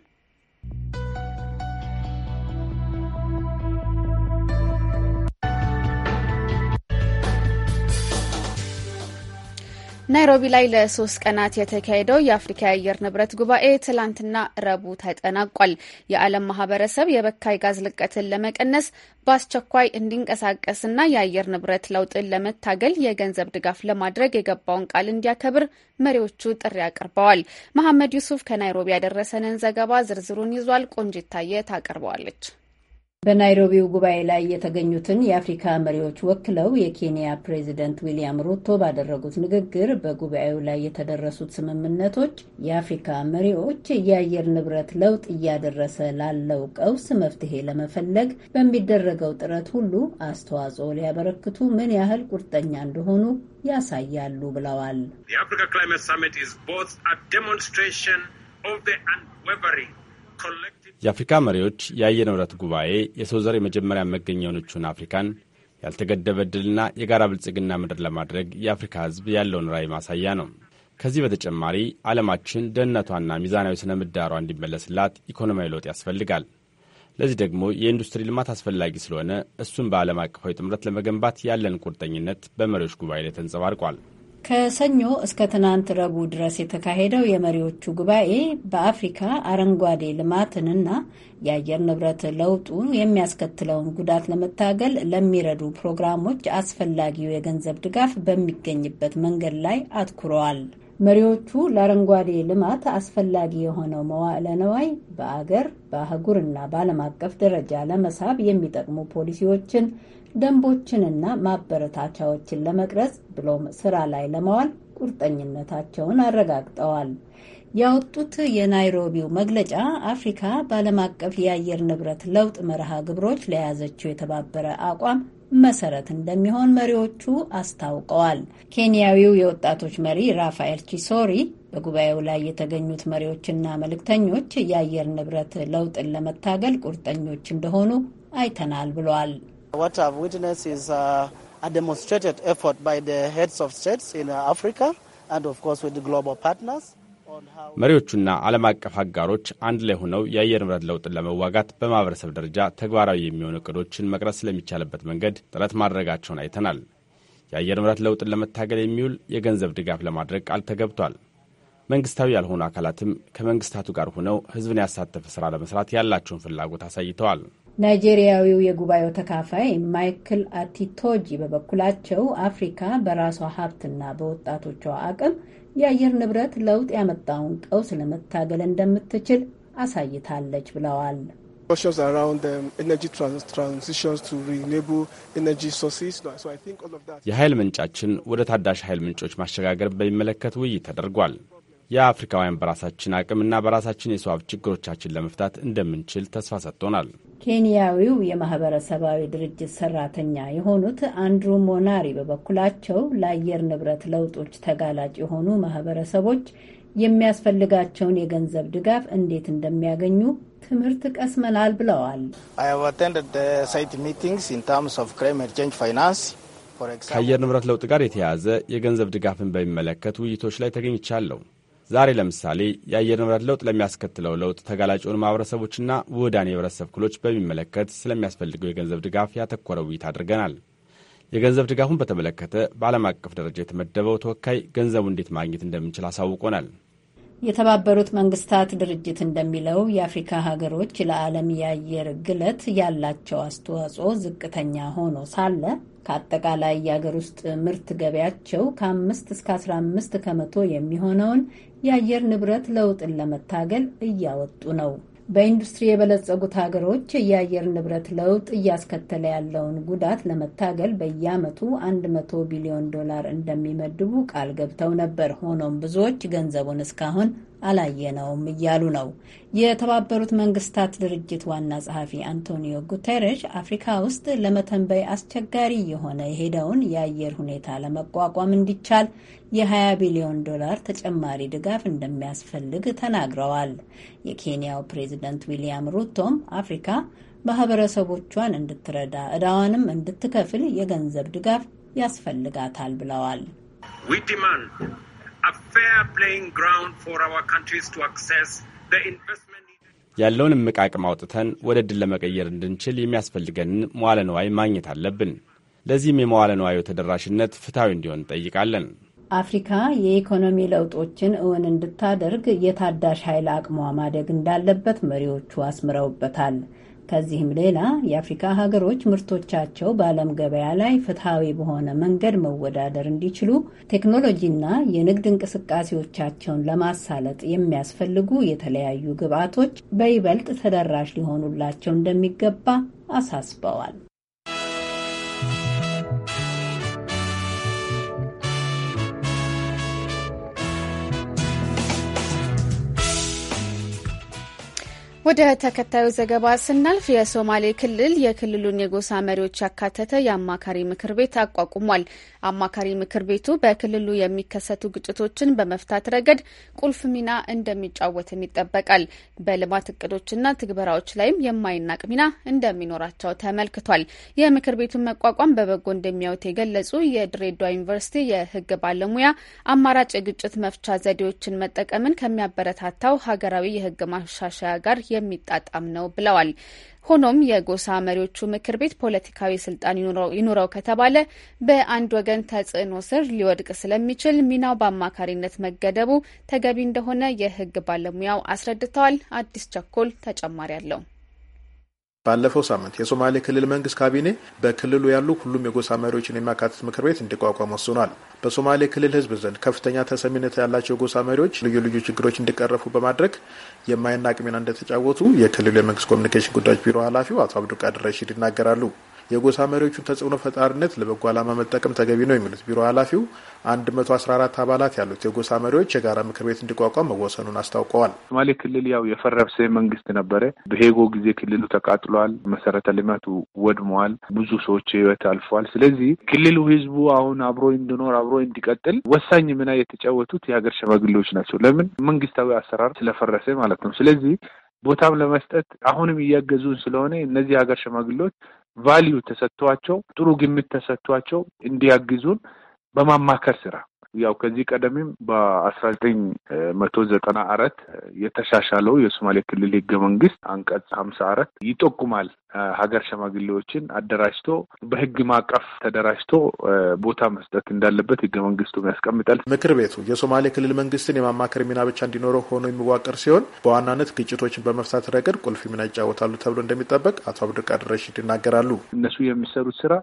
ናይሮቢ ላይ ለሶስት ቀናት የተካሄደው የአፍሪካ የአየር ንብረት ጉባኤ ትላንትና ረቡዕ ተጠናቋል። የዓለም ማህበረሰብ የበካይ ጋዝ ልቀትን ለመቀነስ በአስቸኳይ እንዲንቀሳቀስና የአየር ንብረት ለውጥን ለመታገል የገንዘብ ድጋፍ ለማድረግ የገባውን ቃል እንዲያከብር መሪዎቹ ጥሪ አቅርበዋል። መሐመድ ዩሱፍ ከናይሮቢ ያደረሰንን ዘገባ ዝርዝሩን ይዟል። ቆንጂት ታየ ታቀርበዋለች። በናይሮቢው ጉባኤ ላይ የተገኙትን የአፍሪካ መሪዎች ወክለው የኬንያ ፕሬዚደንት ዊልያም ሩቶ ባደረጉት ንግግር በጉባኤው ላይ የተደረሱት ስምምነቶች የአፍሪካ መሪዎች የአየር ንብረት ለውጥ እያደረሰ ላለው ቀውስ መፍትሄ ለመፈለግ በሚደረገው ጥረት ሁሉ አስተዋጽኦ ሊያበረክቱ ምን ያህል ቁርጠኛ እንደሆኑ ያሳያሉ ብለዋል። የአፍሪካ ክላይመት ሳሚት ኢዝ ቦዝ አ ዴሞንስትሬሽን ኦፍ ዘ የአፍሪካ መሪዎች የአየር ንብረት ጉባኤ የሰው ዘር የመጀመሪያ መገኛ የሆነችውን አፍሪካን ያልተገደበ ዕድልና የጋራ ብልጽግና ምድር ለማድረግ የአፍሪካ ሕዝብ ያለውን ራዕይ ማሳያ ነው። ከዚህ በተጨማሪ ዓለማችን ደህንነቷና ሚዛናዊ ስነ ምህዳሯ እንዲመለስላት ኢኮኖሚያዊ ለውጥ ያስፈልጋል። ለዚህ ደግሞ የኢንዱስትሪ ልማት አስፈላጊ ስለሆነ እሱን በዓለም አቀፋዊ ጥምረት ለመገንባት ያለን ቁርጠኝነት በመሪዎች ጉባኤ ላይ ተንጸባርቋል። ከሰኞ እስከ ትናንት ረቡዕ ድረስ የተካሄደው የመሪዎቹ ጉባኤ በአፍሪካ አረንጓዴ ልማትንና የአየር ንብረት ለውጡ የሚያስከትለውን ጉዳት ለመታገል ለሚረዱ ፕሮግራሞች አስፈላጊው የገንዘብ ድጋፍ በሚገኝበት መንገድ ላይ አትኩረዋል። መሪዎቹ ለአረንጓዴ ልማት አስፈላጊ የሆነው መዋዕለ ነዋይ በአገር በአህጉርና በዓለም አቀፍ ደረጃ ለመሳብ የሚጠቅሙ ፖሊሲዎችን ደንቦችንና ማበረታቻዎችን ለመቅረጽ ብሎም ስራ ላይ ለማዋል ቁርጠኝነታቸውን አረጋግጠዋል። ያወጡት የናይሮቢው መግለጫ አፍሪካ በዓለም አቀፍ የአየር ንብረት ለውጥ መርሃ ግብሮች ለያዘችው የተባበረ አቋም መሰረት እንደሚሆን መሪዎቹ አስታውቀዋል። ኬንያዊው የወጣቶች መሪ ራፋኤል ቺሶሪ በጉባኤው ላይ የተገኙት መሪዎችና መልእክተኞች የአየር ንብረት ለውጥን ለመታገል ቁርጠኞች እንደሆኑ አይተናል ብለዋል። What I've witnessed is uh, a demonstrated effort by the heads of states in uh, Africa and of course with the global partners. መሪዎቹና ዓለም አቀፍ አጋሮች አንድ ላይ ሆነው የአየር ንብረት ለውጥን ለመዋጋት በማህበረሰብ ደረጃ ተግባራዊ የሚሆኑ እቅዶችን መቅረጽ ስለሚቻልበት መንገድ ጥረት ማድረጋቸውን አይተናል። የአየር ንብረት ለውጥን ለመታገል የሚውል የገንዘብ ድጋፍ ለማድረግ ቃል ተገብቷል። መንግስታዊ ያልሆኑ አካላትም ከመንግስታቱ ጋር ሆነው ህዝብን ያሳተፈ ስራ ለመስራት ያላቸውን ፍላጎት አሳይተዋል። ናይጄሪያዊው የጉባኤው ተካፋይ ማይክል አቲቶጂ በበኩላቸው አፍሪካ በራሷ ሀብትና በወጣቶቿ አቅም የአየር ንብረት ለውጥ ያመጣውን ቀውስ ለመታገል እንደምትችል አሳይታለች ብለዋል። የኃይል ምንጫችን ወደ ታዳሽ ኃይል ምንጮች ማሸጋገር በሚመለከት ውይይት ተደርጓል። የአፍሪካውያን በራሳችን አቅምና በራሳችን የሰዋብ ችግሮቻችን ለመፍታት እንደምንችል ተስፋ ሰጥቶናል። ኬንያዊው የማህበረሰባዊ ድርጅት ሰራተኛ የሆኑት አንድሩ ሞናሪ በበኩላቸው ለአየር ንብረት ለውጦች ተጋላጭ የሆኑ ማህበረሰቦች የሚያስፈልጋቸውን የገንዘብ ድጋፍ እንዴት እንደሚያገኙ ትምህርት ቀስመናል ብለዋል። ከአየር ንብረት ለውጥ ጋር የተያያዘ የገንዘብ ድጋፍን በሚመለከት ውይይቶች ላይ ተገኝቻለሁ። ዛሬ ለምሳሌ የአየር ንብረት ለውጥ ለሚያስከትለው ለውጥ ተጋላጭውን ማህበረሰቦችና ውህዳን የህብረተሰብ ክፍሎች በሚመለከት ስለሚያስፈልገው የገንዘብ ድጋፍ ያተኮረ ውይይት አድርገናል። የገንዘብ ድጋፉን በተመለከተ በዓለም አቀፍ ደረጃ የተመደበው ተወካይ ገንዘቡ እንዴት ማግኘት እንደምንችል አሳውቆናል። የተባበሩት መንግስታት ድርጅት እንደሚለው የአፍሪካ ሀገሮች ለዓለም የአየር ግለት ያላቸው አስተዋጽኦ ዝቅተኛ ሆኖ ሳለ ከአጠቃላይ የአገር ውስጥ ምርት ገበያቸው ከአምስት እስከ አስራ አምስት ከመቶ የሚሆነውን የአየር ንብረት ለውጥን ለመታገል እያወጡ ነው። በኢንዱስትሪ የበለጸጉት ሀገሮች የአየር ንብረት ለውጥ እያስከተለ ያለውን ጉዳት ለመታገል በየዓመቱ 100 ቢሊዮን ዶላር እንደሚመድቡ ቃል ገብተው ነበር። ሆኖም ብዙዎች ገንዘቡን እስካሁን አላየነውም እያሉ ነው። የተባበሩት መንግስታት ድርጅት ዋና ጸሐፊ አንቶኒዮ ጉተሬሽ አፍሪካ ውስጥ ለመተንበይ አስቸጋሪ የሆነ የሄደውን የአየር ሁኔታ ለመቋቋም እንዲቻል የ20 ቢሊዮን ዶላር ተጨማሪ ድጋፍ እንደሚያስፈልግ ተናግረዋል። የኬንያው ፕሬዝደንት ዊልያም ሩቶም አፍሪካ ማህበረሰቦቿን እንድትረዳ እዳዋንም እንድትከፍል የገንዘብ ድጋፍ ያስፈልጋታል ብለዋል። ያለውን እምቅ አቅም አውጥተን ወደ ድል ለመቀየር እንድንችል የሚያስፈልገንን መዋለ ነዋይ ማግኘት አለብን። ለዚህም የመዋለ ነዋዩ ተደራሽነት ፍትሐዊ እንዲሆን እንጠይቃለን። አፍሪካ የኢኮኖሚ ለውጦችን እውን እንድታደርግ የታዳሽ ኃይል አቅሟ ማደግ እንዳለበት መሪዎቹ አስምረውበታል። ከዚህም ሌላ የአፍሪካ ሀገሮች ምርቶቻቸው በዓለም ገበያ ላይ ፍትሐዊ በሆነ መንገድ መወዳደር እንዲችሉ ቴክኖሎጂና የንግድ እንቅስቃሴዎቻቸውን ለማሳለጥ የሚያስፈልጉ የተለያዩ ግብዓቶች በይበልጥ ተደራሽ ሊሆኑላቸው እንደሚገባ አሳስበዋል። ወደ ተከታዩ ዘገባ ስናልፍ የሶማሌ ክልል የክልሉን የጎሳ መሪዎች ያካተተ የአማካሪ ምክር ቤት አቋቁሟል። አማካሪ ምክር ቤቱ በክልሉ የሚከሰቱ ግጭቶችን በመፍታት ረገድ ቁልፍ ሚና እንደሚጫወትም ይጠበቃል። በልማት እቅዶችና ትግበራዎች ላይም የማይናቅ ሚና እንደሚኖራቸው ተመልክቷል። የምክር ቤቱን መቋቋም በበጎ እንደሚያዩት የገለጹ የድሬዳዋ ዩኒቨርሲቲ የሕግ ባለሙያ አማራጭ የግጭት መፍቻ ዘዴዎችን መጠቀምን ከሚያበረታታው ሀገራዊ የሕግ ማሻሻያ ጋር የሚጣጣም ነው ብለዋል። ሆኖም የጎሳ መሪዎቹ ምክር ቤት ፖለቲካዊ ስልጣን ይኑረው ከተባለ በአንድ ወገን ተጽዕኖ ስር ሊወድቅ ስለሚችል ሚናው በአማካሪነት መገደቡ ተገቢ እንደሆነ የሕግ ባለሙያው አስረድተዋል። አዲስ ቸኮል ተጨማሪ አለው። ባለፈው ሳምንት የሶማሌ ክልል መንግስት ካቢኔ በክልሉ ያሉ ሁሉም የጎሳ መሪዎችን የሚያካትት ምክር ቤት እንዲቋቋም ወስኗል። በሶማሌ ክልል ህዝብ ዘንድ ከፍተኛ ተሰሚነት ያላቸው የጎሳ መሪዎች ልዩ ልዩ ችግሮች እንዲቀረፉ በማድረግ የማይናቅ ሚና እንደተጫወቱ የክልሉ የመንግስት ኮሚኒኬሽን ጉዳዮች ቢሮ ኃላፊው አቶ አብዱቃድር ረሺድ ይናገራሉ። የጎሳ መሪዎቹን ተጽዕኖ ፈጣሪነት ለበጎ ዓላማ መጠቀም ተገቢ ነው የሚሉት ቢሮ ኃላፊው 114 አባላት ያሉት የጎሳ መሪዎች የጋራ ምክር ቤት እንዲቋቋም መወሰኑን አስታውቀዋል። ሶማሌ ክልል ያው የፈረሰ መንግስት ነበረ። በሄጎ ጊዜ ክልሉ ተቃጥሏል። መሰረተ ልማቱ ወድመዋል። ብዙ ሰዎች ህይወት አልፏል። ስለዚህ ክልሉ ህዝቡ አሁን አብሮ እንዲኖር አብሮ እንዲቀጥል ወሳኝ ሚና የተጫወቱት የሀገር ሽማግሌዎች ናቸው። ለምን መንግስታዊ አሰራር ስለፈረሰ ማለት ነው። ስለዚህ ቦታም ለመስጠት አሁንም እያገዙን ስለሆነ እነዚህ ሀገር ሽማግሌዎች ቫሊዩ ተሰጥቷቸው ጥሩ ግምት ተሰጥቷቸው እንዲያግዙን በማማከር ስራ ያው ከዚህ ቀደምም በአስራ ዘጠኝ መቶ ዘጠና አራት የተሻሻለው የሶማሌ ክልል ህገ መንግስት አንቀጽ ሀምሳ አራት ይጠቁማል ሀገር ሸማግሌዎችን አደራጅቶ በህግ ማዕቀፍ ተደራጅቶ ቦታ መስጠት እንዳለበት ህገ መንግስቱም ያስቀምጣል። ምክር ቤቱ የሶማሌ ክልል መንግስትን የማማከር ሚና ብቻ እንዲኖረው ሆኖ የሚዋቀር ሲሆን በዋናነት ግጭቶችን በመፍታት ረገድ ቁልፍ ሚና ይጫወታሉ ተብሎ እንደሚጠበቅ አቶ አብዱልቃድር ረሺድ ይናገራሉ። እነሱ የሚሰሩት ስራ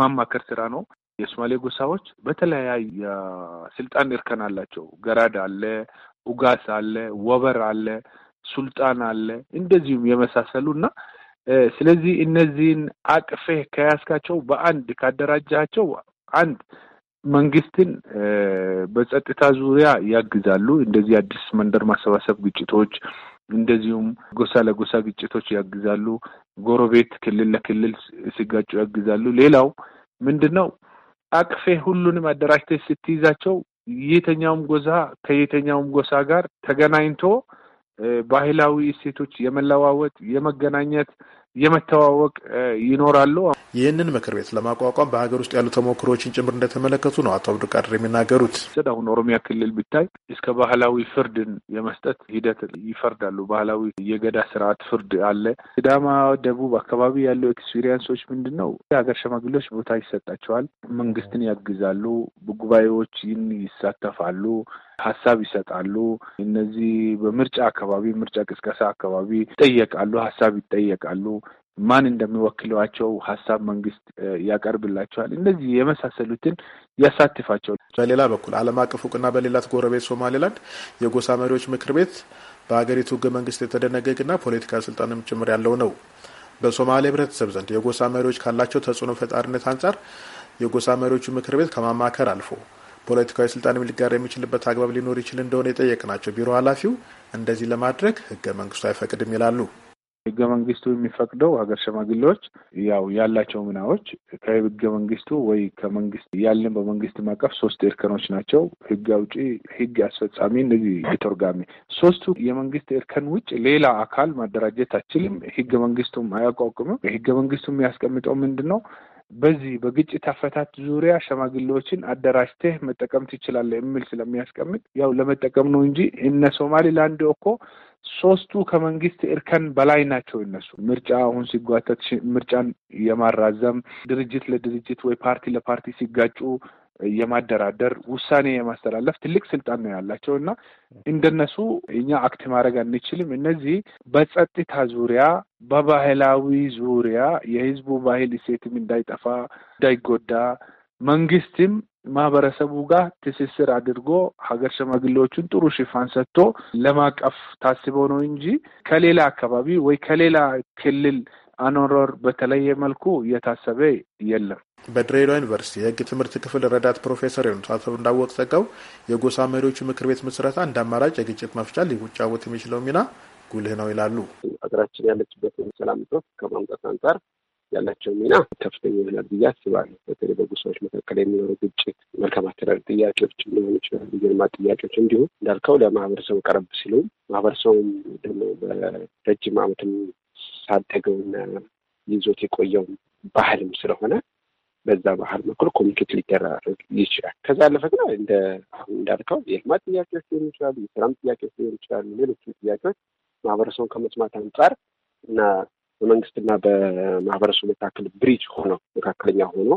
ማማከር ስራ ነው። የሶማሌ ጎሳዎች በተለያየ ስልጣን እርከን አላቸው። ገራድ አለ፣ ኡጋስ አለ፣ ወበር አለ፣ ሱልጣን አለ፣ እንደዚሁም የመሳሰሉ እና ስለዚህ እነዚህን አቅፌ ከያዝካቸው በአንድ ካደራጃቸው አንድ መንግስትን በጸጥታ ዙሪያ ያግዛሉ። እንደዚህ አዲስ መንደር ማሰባሰብ ግጭቶች፣ እንደዚሁም ጎሳ ለጎሳ ግጭቶች ያግዛሉ። ጎረቤት ክልል ለክልል ሲጋጩ ያግዛሉ። ሌላው ምንድን ነው አቅፌ ሁሉንም አደራጅተች ስትይዛቸው የተኛውም ጎሳ ከየተኛውም ጎሳ ጋር ተገናኝቶ ባህላዊ እሴቶች የመለዋወጥ የመገናኘት የመተዋወቅ ይኖራሉ። ይህንን ምክር ቤት ለማቋቋም በሀገር ውስጥ ያሉ ተሞክሮዎችን ጭምር እንደተመለከቱ ነው አቶ አብዱልቃድር የሚናገሩት። አሁን ኦሮሚያ ክልል ቢታይ እስከ ባህላዊ ፍርድን የመስጠት ሂደት ይፈርዳሉ። ባህላዊ የገዳ ስርዓት ፍርድ አለ። ሲዳማ፣ ደቡብ አካባቢ ያሉ ኤክስፒሪየንሶች ምንድን ነው? የሀገር ሽማግሌዎች ቦታ ይሰጣቸዋል፣ መንግስትን ያግዛሉ፣ ጉባኤዎችን ይሳተፋሉ፣ ሀሳብ ይሰጣሉ። እነዚህ በምርጫ አካባቢ ምርጫ ቅስቀሳ አካባቢ ይጠየቃሉ፣ ሀሳብ ይጠየቃሉ። ማን እንደሚወክሏቸው ሀሳብ መንግስት ያቀርብላቸዋል። እንደዚህ የመሳሰሉትን ያሳትፋቸዋል። በሌላ በኩል ዓለም አቀፍ እውቅና በሌላት ጎረቤት ሶማሌላንድ የጎሳ መሪዎች ምክር ቤት በሀገሪቱ ህገ መንግስት የተደነገግና ፖለቲካ ስልጣንም ጭምር ያለው ነው። በሶማሌ ህብረተሰብ ዘንድ የጎሳ መሪዎች ካላቸው ተጽዕኖ ፈጣሪነት አንጻር የጎሳ መሪዎቹ ምክር ቤት ከማማከር አልፎ ፖለቲካዊ ስልጣንም ሊጋራ የሚችልበት አግባብ ሊኖር ይችል እንደሆነ የጠየቅናቸው ቢሮ ኃላፊው እንደዚህ ለማድረግ ህገ መንግስቱ አይፈቅድም ይላሉ። ህገ መንግስቱ የሚፈቅደው ሀገር ሽማግሌዎች ያው ያላቸው ምናዎች ከህገ መንግስቱ ወይ ከመንግስት ያለን በመንግስት ማቀፍ ሶስት እርከኖች ናቸው። ህግ አውጪ፣ ህግ አስፈጻሚ፣ እነዚህ ተርጓሚ። ሶስቱ የመንግስት እርከን ውጭ ሌላ አካል ማደራጀት አችልም። ህገ መንግስቱም አያቋቁምም። ህገ መንግስቱ የሚያስቀምጠው ምንድን ነው? በዚህ በግጭት አፈታት ዙሪያ ሸማግሌዎችን አደራጅተህ መጠቀም ትችላለህ የሚል ስለሚያስቀምጥ ያው ለመጠቀም ነው እንጂ እነ ሶማሊላንድ እኮ ሶስቱ ከመንግስት እርከን በላይ ናቸው። እነሱ ምርጫ አሁን ሲጓተት ምርጫን የማራዘም ድርጅት ለድርጅት ወይ ፓርቲ ለፓርቲ ሲጋጩ የማደራደር ውሳኔ የማስተላለፍ ትልቅ ስልጣን ነው ያላቸው እና እንደነሱ እኛ አክት ማድረግ አንችልም። እነዚህ በጸጥታ ዙሪያ በባህላዊ ዙሪያ የህዝቡ ባህል እሴትም እንዳይጠፋ እንዳይጎዳ መንግስትም ማህበረሰቡ ጋር ትስስር አድርጎ ሀገር ሽማግሌዎቹን ጥሩ ሽፋን ሰጥቶ ለማቀፍ ታስቦ ነው እንጂ ከሌላ አካባቢ ወይ ከሌላ ክልል አኖሮር በተለየ መልኩ እየታሰበ የለም። በድሬዳዋ ዩኒቨርሲቲ የህግ ትምህርት ክፍል ረዳት ፕሮፌሰር የሆኑት አቶ እንዳወቅ ጸጋው የጎሳ መሪዎቹ ምክር ቤት ምስረታ እንደ አማራጭ የግጭት መፍቻ ሊጫወት የሚችለው ሚና ጉልህ ነው ይላሉ። ሀገራችን ያለችበት የሰላም እጦት ከማምጣት አንጻር ያላቸው ሚና ከፍተኛ ይሆናል ብዬ አስባለሁ። በተለይ በጎሳዎች መካከል የሚኖረው ግጭት መልካም አስተዳደር ጥያቄዎች ሊሆኑ ይችላሉ፣ የልማት ጥያቄዎች እንዲሁም እንዳልከው ለማህበረሰቡ ቀረብ ሲሉ ማህበረሰቡም ደግሞ በረጅም ዓመትም ሳደገውና ይዞት የቆየውን ባህልም ስለሆነ በዛ መሀል በኩል ኮሚኒኬት ሊደራረግ ይችላል። ከዛ ያለፈ ግን እንደ እንዳልከው የልማት ጥያቄዎች ሊሆን ይችላሉ፣ የሰላም ጥያቄዎች ሊሆን ይችላሉ። ሌሎች ጥያቄዎች ማህበረሰቡን ከመስማት አንጻር እና በመንግስትና በማህበረሰቡ መካከል ብሪጅ ሆኖ መካከለኛ ሆኖ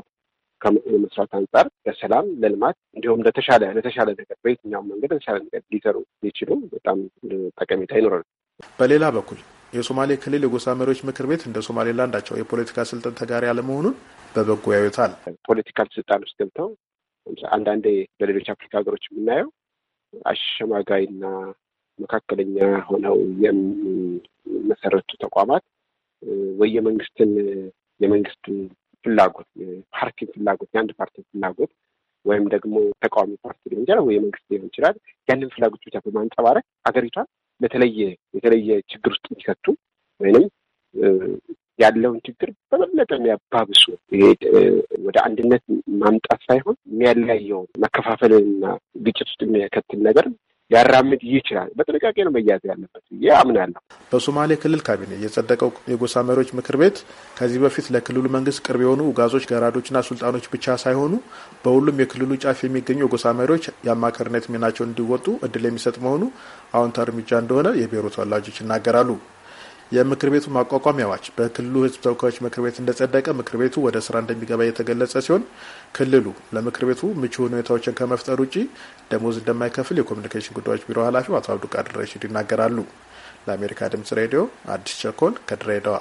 ከመስራት አንጻር ለሰላም ለልማት እንዲሁም ለተሻለ ለተሻለ ነገር በየትኛውም መንገድ ለተሻለ ነገር ሊሰሩ ሊችሉ በጣም ጠቀሜታ ይኖራል። በሌላ በኩል የሶማሌ ክልል የጎሳ መሪዎች ምክር ቤት እንደ ሶማሌላንዳቸው የፖለቲካ ስልጣን ተጋሪ አለመሆኑን በበጎ ያዩታል። ፖለቲካል ስልጣን ውስጥ ገብተው አንዳንዴ በሌሎች አፍሪካ ሀገሮች የምናየው አሸማጋይና መካከለኛ ሆነው የሚመሰረቱ ተቋማት ወይ የመንግስትን የመንግስት ፍላጎት ፓርቲን ፍላጎት የአንድ ፓርቲን ፍላጎት ወይም ደግሞ ተቃዋሚ ፓርቲ ሊሆን ይችላል ወይ የመንግስት ሊሆን ይችላል ያንን ፍላጎት ብቻ በማንጸባረቅ አገሪቷን ለተለየ የተለየ ችግር ውስጥ እንዲከቱ ወይም ያለውን ችግር በበለጠ የሚያባብሱ ወደ አንድነት ማምጣት ሳይሆን የሚያለያየውን መከፋፈልንና ግጭት ውስጥ የሚያከትል ነገር ሊያራምድ ይችላል። በጥንቃቄ ነው መያዝ ያለበት ብዬ አምናለሁ። በሶማሌ ክልል ካቢኔ የጸደቀው የጎሳ መሪዎች ምክር ቤት ከዚህ በፊት ለክልሉ መንግስት ቅርብ የሆኑ ውጋዞች፣ ገራዶችና ሱልጣኖች ብቻ ሳይሆኑ በሁሉም የክልሉ ጫፍ የሚገኙ የጎሳ መሪዎች የአማካሪነት ሚናቸውን እንዲወጡ እድል የሚሰጥ መሆኑ አዎንታ እርምጃ እንደሆነ የብሔሩ ተወላጆች ይናገራሉ። የምክር ቤቱ ማቋቋሚያዎች በክልሉ ህዝብ ተወካዮች ምክር ቤት እንደጸደቀ ምክር ቤቱ ወደ ስራ እንደሚገባ የተገለጸ ሲሆን ክልሉ ለምክር ቤቱ ምቹ ሁኔታዎችን ከመፍጠር ውጪ ደሞዝ እንደማይከፍል የኮሚኒኬሽን ጉዳዮች ቢሮ ኃላፊው አቶ አብዱቃድር ረሽድ ይናገራሉ። ለአሜሪካ ድምጽ ሬዲዮ አዲስ ቸኮል ከድሬዳዋ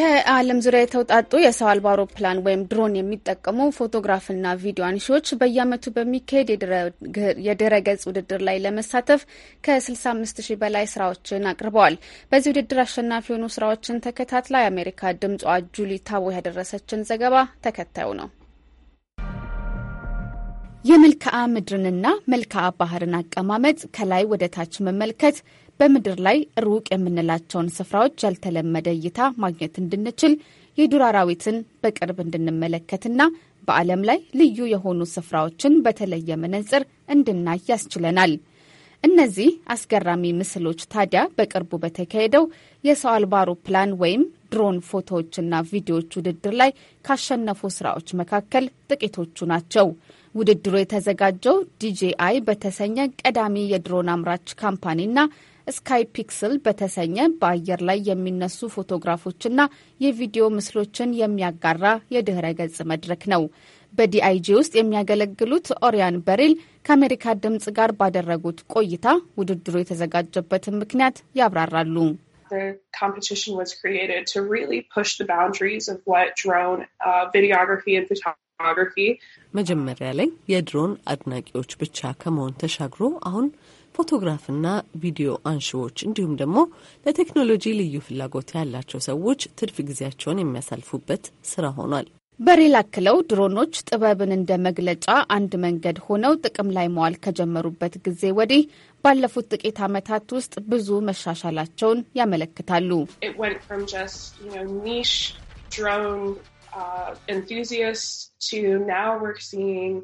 ከዓለም ዙሪያ የተውጣጡ የሰው አልባ አውሮፕላን ወይም ድሮን የሚጠቀሙ ፎቶግራፍና ቪዲዮ አንሺዎች በየዓመቱ በሚካሄድ የድረገጽ ውድድር ላይ ለመሳተፍ ከ65 ሺህ በላይ ስራዎችን አቅርበዋል። በዚህ ውድድር አሸናፊ የሆኑ ስራዎችን ተከታትላ የአሜሪካ ድምጿ ጁሊ ታቦ ያደረሰችን ዘገባ ተከታዩ ነው። የመልክዓ ምድርንና መልክዓ ባህርን አቀማመጥ ከላይ ወደ ታች መመልከት በምድር ላይ ሩቅ የምንላቸውን ስፍራዎች ያልተለመደ እይታ ማግኘት እንድንችል የዱር አራዊትን በቅርብ እንድንመለከትና በዓለም ላይ ልዩ የሆኑ ስፍራዎችን በተለየ መነጽር እንድናይ ያስችለናል። እነዚህ አስገራሚ ምስሎች ታዲያ በቅርቡ በተካሄደው የሰው አልባ አውሮፕላን ወይም ድሮን ፎቶዎችና ቪዲዮዎች ውድድር ላይ ካሸነፉ ስራዎች መካከል ጥቂቶቹ ናቸው። ውድድሩ የተዘጋጀው ዲጄአይ በተሰኘ ቀዳሚ የድሮን አምራች ካምፓኒና ስካይ ፒክስል በተሰኘ በአየር ላይ የሚነሱ ፎቶግራፎችና የቪዲዮ ምስሎችን የሚያጋራ የድኅረ ገጽ መድረክ ነው። በዲአይጂ ውስጥ የሚያገለግሉት ኦሪያን በሪል ከአሜሪካ ድምጽ ጋር ባደረጉት ቆይታ ውድድሩ የተዘጋጀበትን ምክንያት ያብራራሉ። መጀመሪያ ላይ የድሮን አድናቂዎች ብቻ ከመሆን ተሻግሮ አሁን ፎቶግራፍና ቪዲዮ አንሺዎች እንዲሁም ደግሞ ለቴክኖሎጂ ልዩ ፍላጎት ያላቸው ሰዎች ትርፍ ጊዜያቸውን የሚያሳልፉበት ስራ ሆኗል። በሬል አክለው ድሮኖች ጥበብን እንደ መግለጫ አንድ መንገድ ሆነው ጥቅም ላይ መዋል ከጀመሩበት ጊዜ ወዲህ ባለፉት ጥቂት ዓመታት ውስጥ ብዙ መሻሻላቸውን ያመለክታሉ። ድሮን ኢንዚስ ናው ወር ሲንግ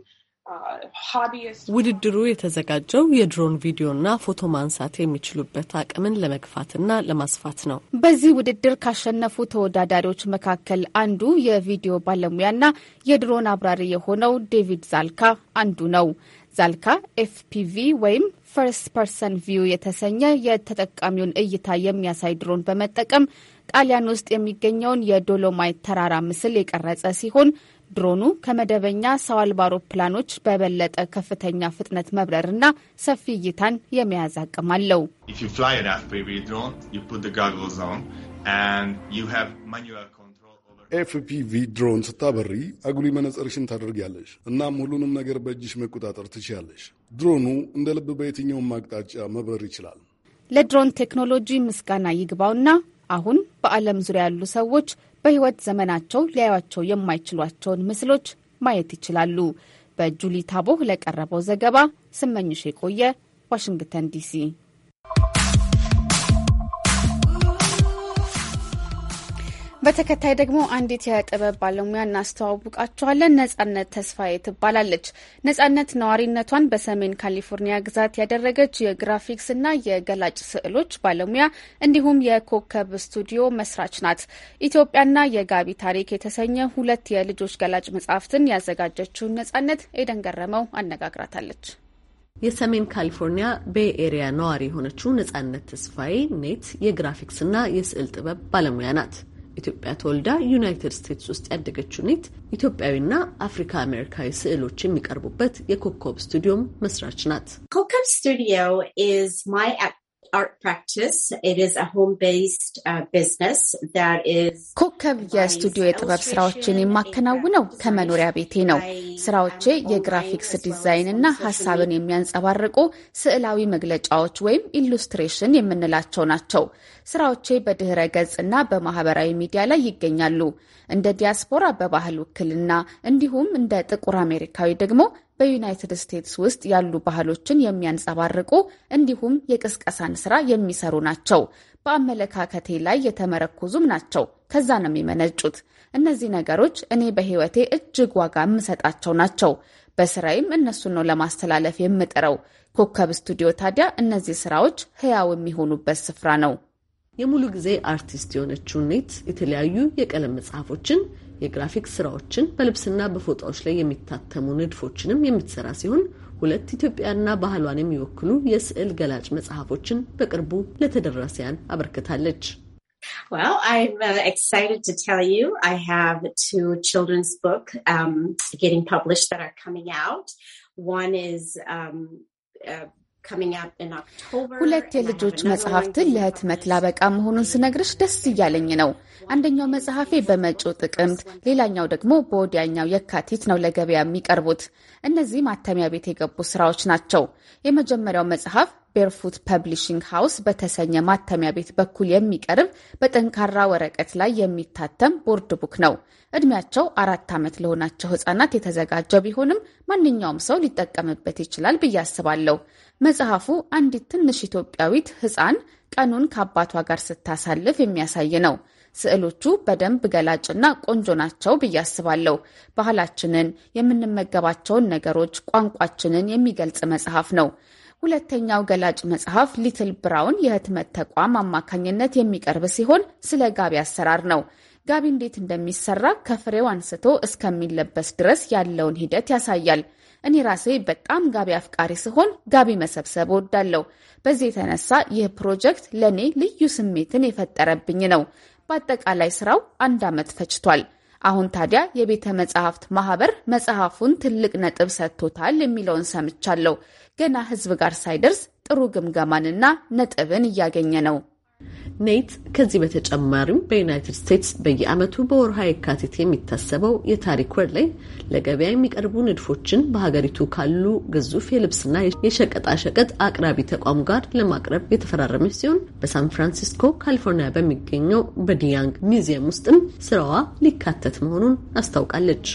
ውድድሩ የተዘጋጀው የድሮን ቪዲዮና ፎቶ ማንሳት የሚችሉበት አቅምን ለመግፋትና ለማስፋት ነው። በዚህ ውድድር ካሸነፉ ተወዳዳሪዎች መካከል አንዱ የቪዲዮ ባለሙያና የድሮን አብራሪ የሆነው ዴቪድ ዛልካ አንዱ ነው። ዛልካ ኤፍፒቪ ወይም ፈርስት ፐርሰን ቪው የተሰኘ የተጠቃሚውን እይታ የሚያሳይ ድሮን በመጠቀም ጣሊያን ውስጥ የሚገኘውን የዶሎማይት ተራራ ምስል የቀረጸ ሲሆን ድሮኑ ከመደበኛ ሰው አልባ አውሮፕላኖች በበለጠ ከፍተኛ ፍጥነት መብረርና ሰፊ እይታን የመያዝ አቅም አለው። ኤፍፒቪ ድሮን ስታበሪ አጉሊ መነጽርሽን ታደርጊያለሽ፣ እናም ሁሉንም ነገር በእጅሽ መቆጣጠር ትችያለሽ። ድሮኑ እንደ ልብ በየትኛውም አቅጣጫ መብረር ይችላል። ለድሮን ቴክኖሎጂ ምስጋና ይግባውና አሁን በዓለም ዙሪያ ያሉ ሰዎች በህይወት ዘመናቸው ሊያዩቸው የማይችሏቸውን ምስሎች ማየት ይችላሉ። በጁሊ ታቦህ ለቀረበው ዘገባ ስመኝሽ የቆየ ዋሽንግተን ዲሲ። በተከታይ ደግሞ አንዲት የጥበብ ባለሙያ እናስተዋውቃችኋለን። ነጻነት ተስፋዬ ትባላለች። ነጻነት ነዋሪነቷን በሰሜን ካሊፎርኒያ ግዛት ያደረገች የግራፊክስ እና የገላጭ ስዕሎች ባለሙያ እንዲሁም የኮከብ ስቱዲዮ መስራች ናት። ኢትዮጵያና የጋቢ ታሪክ የተሰኘ ሁለት የልጆች ገላጭ መጽሐፍትን ያዘጋጀችውን ነጻነት ኤደን ገረመው አነጋግራታለች። የሰሜን ካሊፎርኒያ ቤይ ኤሪያ ነዋሪ የሆነችው ነጻነት ተስፋዬ ኔት የግራፊክስና የስዕል ጥበብ ባለሙያ ናት። ኢትዮጵያ ተወልዳ ዩናይትድ ስቴትስ ውስጥ ያደገችው ኔት ኢትዮጵያዊና አፍሪካ አሜሪካዊ ስዕሎች የሚቀርቡበት የኮከብ ስቱዲዮም መስራች ናት። ኮከብ ስቱዲዮ ኢዝ ማይ Uh, ኮከብ የስቱዲዮ የጥበብ ስራዎችን የማከናውነው ከመኖሪያ ቤቴ ነው። uh, ስራዎቼ የግራፊክስ ዲዛይን እና ሀሳብን የሚያንጸባርቁ ስዕላዊ መግለጫዎች ወይም ኢሉስትሬሽን የምንላቸው ናቸው። ስራዎቼ በድህረ ገጽ እና በማህበራዊ ሚዲያ ላይ ይገኛሉ። እንደ ዲያስፖራ በባህል ውክልና እንዲሁም እንደ ጥቁር አሜሪካዊ ደግሞ በዩናይትድ ስቴትስ ውስጥ ያሉ ባህሎችን የሚያንጸባርቁ እንዲሁም የቅስቀሳን ስራ የሚሰሩ ናቸው። በአመለካከቴ ላይ የተመረኮዙም ናቸው። ከዛ ነው የሚመነጩት። እነዚህ ነገሮች እኔ በህይወቴ እጅግ ዋጋ የምሰጣቸው ናቸው። በስራዬም እነሱን ነው ለማስተላለፍ የምጥረው። ኮከብ ስቱዲዮ ታዲያ እነዚህ ስራዎች ህያው የሚሆኑበት ስፍራ ነው። የሙሉ ጊዜ አርቲስት የሆነችው ኔት የተለያዩ የቀለም መጽሐፎችን የግራፊክስ ስራዎችን በልብስና በፎጣዎች ላይ የሚታተሙ ንድፎችንም የምትሰራ ሲሆን ሁለት ኢትዮጵያና ባህሏን የሚወክሉ የስዕል ገላጭ መጽሐፎችን በቅርቡ ለተደራሲያን አበርክታለች። Well, I'm uh, excited to tell you I have two children's book um, getting published that are coming out. One is um, uh, ሁለት የልጆች መጽሐፍትን ለህትመት ላበቃ መሆኑን ስነግርሽ ደስ እያለኝ ነው። አንደኛው መጽሐፌ በመጪው ጥቅምት፣ ሌላኛው ደግሞ በወዲያኛው የካቲት ነው ለገበያ የሚቀርቡት። እነዚህ ማተሚያ ቤት የገቡ ስራዎች ናቸው። የመጀመሪያው መጽሐፍ ቤርፉት ፐብሊሽንግ ሃውስ በተሰኘ ማተሚያ ቤት በኩል የሚቀርብ በጠንካራ ወረቀት ላይ የሚታተም ቦርድ ቡክ ነው። እድሜያቸው አራት ዓመት ለሆናቸው ህጻናት የተዘጋጀ ቢሆንም ማንኛውም ሰው ሊጠቀምበት ይችላል ብዬ አስባለሁ። መጽሐፉ አንዲት ትንሽ ኢትዮጵያዊት ህጻን ቀኑን ከአባቷ ጋር ስታሳልፍ የሚያሳይ ነው። ስዕሎቹ በደንብ ገላጭና ቆንጆ ናቸው ብዬ አስባለሁ። ባህላችንን፣ የምንመገባቸውን ነገሮች፣ ቋንቋችንን የሚገልጽ መጽሐፍ ነው። ሁለተኛው ገላጭ መጽሐፍ ሊትል ብራውን የህትመት ተቋም አማካኝነት የሚቀርብ ሲሆን ስለ ጋቢ አሰራር ነው። ጋቢ እንዴት እንደሚሰራ ከፍሬው አንስቶ እስከሚለበስ ድረስ ያለውን ሂደት ያሳያል። እኔ ራሴ በጣም ጋቢ አፍቃሪ ስሆን ጋቢ መሰብሰብ እወዳለሁ። በዚህ የተነሳ ይህ ፕሮጀክት ለእኔ ልዩ ስሜትን የፈጠረብኝ ነው። በአጠቃላይ ስራው አንድ ዓመት ፈጅቷል። አሁን ታዲያ የቤተ መጽሐፍት ማህበር መጽሐፉን ትልቅ ነጥብ ሰጥቶታል የሚለውን ሰምቻለሁ። ገና ህዝብ ጋር ሳይደርስ ጥሩ ግምገማንና ነጥብን እያገኘ ነው። ኔት ከዚህ በተጨማሪም በዩናይትድ ስቴትስ በየዓመቱ በወርሃ የካቲት የሚታሰበው የታሪክ ወር ላይ ለገበያ የሚቀርቡ ንድፎችን በሀገሪቱ ካሉ ግዙፍ የልብስና የሸቀጣሸቀጥ አቅራቢ ተቋም ጋር ለማቅረብ የተፈራረመች ሲሆን በሳን ፍራንሲስኮ ካሊፎርኒያ በሚገኘው በዲያንግ ሚዚየም ውስጥም ስራዋ ሊካተት መሆኑን አስታውቃለች።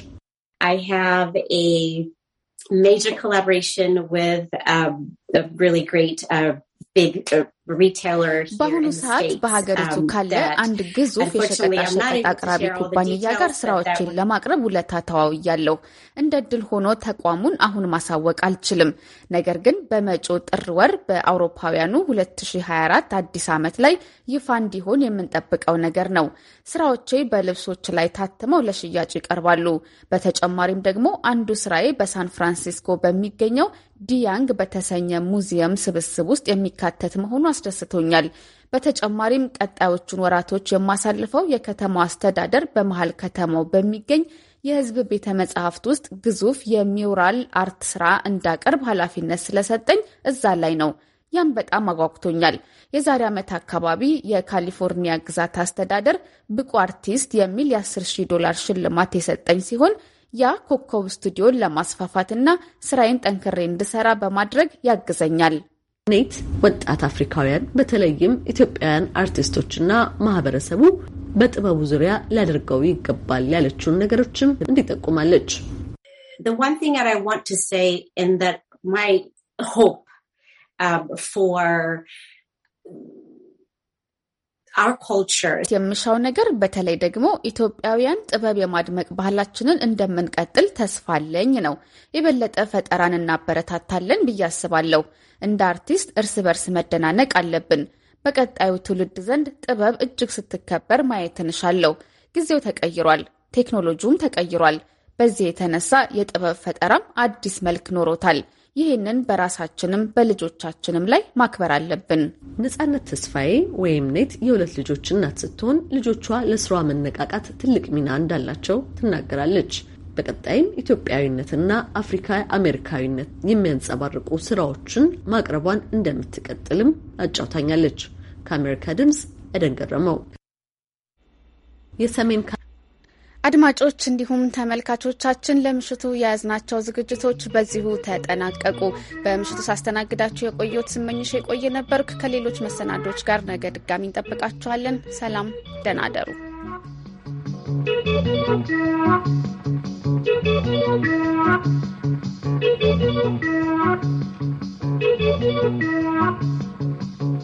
major collaboration with um, a really great uh, big uh, በአሁኑ ሰዓት በሀገሪቱ um, ካለ አንድ ግዙፍ የሸቀጣሸቀጥ አቅራቢ ኩባንያ ጋር ስራዎችን ለማቅረብ ውለታ ተዋውያለሁ። እንደ ድል ሆኖ ተቋሙን አሁን ማሳወቅ አልችልም። ነገር ግን በመጪው ጥር ወር በአውሮፓውያኑ 2024 አዲስ ዓመት ላይ ይፋ እንዲሆን የምንጠብቀው ነገር ነው። ስራዎቼ በልብሶች ላይ ታትመው ለሽያጭ ይቀርባሉ። በተጨማሪም ደግሞ አንዱ ስራዬ በሳን ፍራንሲስኮ በሚገኘው ዲያንግ በተሰኘ ሙዚየም ስብስብ ውስጥ የሚካተት መሆኑ አስደስቶኛል። በተጨማሪም ቀጣዮቹን ወራቶች የማሳልፈው የከተማው አስተዳደር በመሀል ከተማው በሚገኝ የህዝብ ቤተ መጻሕፍት ውስጥ ግዙፍ የሚውራል አርት ስራ እንዳቀርብ ኃላፊነት ስለሰጠኝ እዛ ላይ ነው። ያም በጣም አጓጉቶኛል። የዛሬ ዓመት አካባቢ የካሊፎርኒያ ግዛት አስተዳደር ብቁ አርቲስት የሚል የ10 ሺህ ዶላር ሽልማት የሰጠኝ ሲሆን ያ ኮከብ ስቱዲዮን ለማስፋፋትና ስራዬን ጠንክሬ እንድሰራ በማድረግ ያግዘኛል። ኔት ወጣት አፍሪካውያን በተለይም ኢትዮጵያውያን አርቲስቶችና ማህበረሰቡ በጥበቡ ዙሪያ ሊያደርገው ይገባል ያለችውን ነገሮችም እንዲጠቁማለች። የምሻው ነገር በተለይ ደግሞ ኢትዮጵያውያን ጥበብ የማድመቅ ባህላችንን እንደምንቀጥል ተስፋለኝ ነው። የበለጠ ፈጠራን እናበረታታለን ብዬ አስባለሁ። እንደ አርቲስት እርስ በርስ መደናነቅ አለብን። በቀጣዩ ትውልድ ዘንድ ጥበብ እጅግ ስትከበር ማየት እንሻለሁ። ጊዜው ተቀይሯል፣ ቴክኖሎጂውም ተቀይሯል። በዚህ የተነሳ የጥበብ ፈጠራም አዲስ መልክ ኖሮታል። ይህንን በራሳችንም በልጆቻችንም ላይ ማክበር አለብን። ነጻነት ተስፋዬ ወይም ኔት የሁለት ልጆች እናት ስትሆን ልጆቿ ለስሯ መነቃቃት ትልቅ ሚና እንዳላቸው ትናገራለች። በቀጣይም ኢትዮጵያዊነትና አፍሪካ አሜሪካዊነት የሚያንጸባርቁ ስራዎችን ማቅረቧን እንደምትቀጥልም አጫውታኛለች። ከአሜሪካ ድምፅ ኤደን ገረመው የሰሜን አድማጮች እንዲሁም ተመልካቾቻችን ለምሽቱ የያዝናቸው ዝግጅቶች በዚሁ ተጠናቀቁ። በምሽቱ ሳስተናግዳችሁ የቆየሁት ስመኝሽ የቆየ ነበር ከሌሎች መሰናዶች ጋር ነገ ድጋሚ እንጠብቃችኋለን። ሰላም፣ ደህና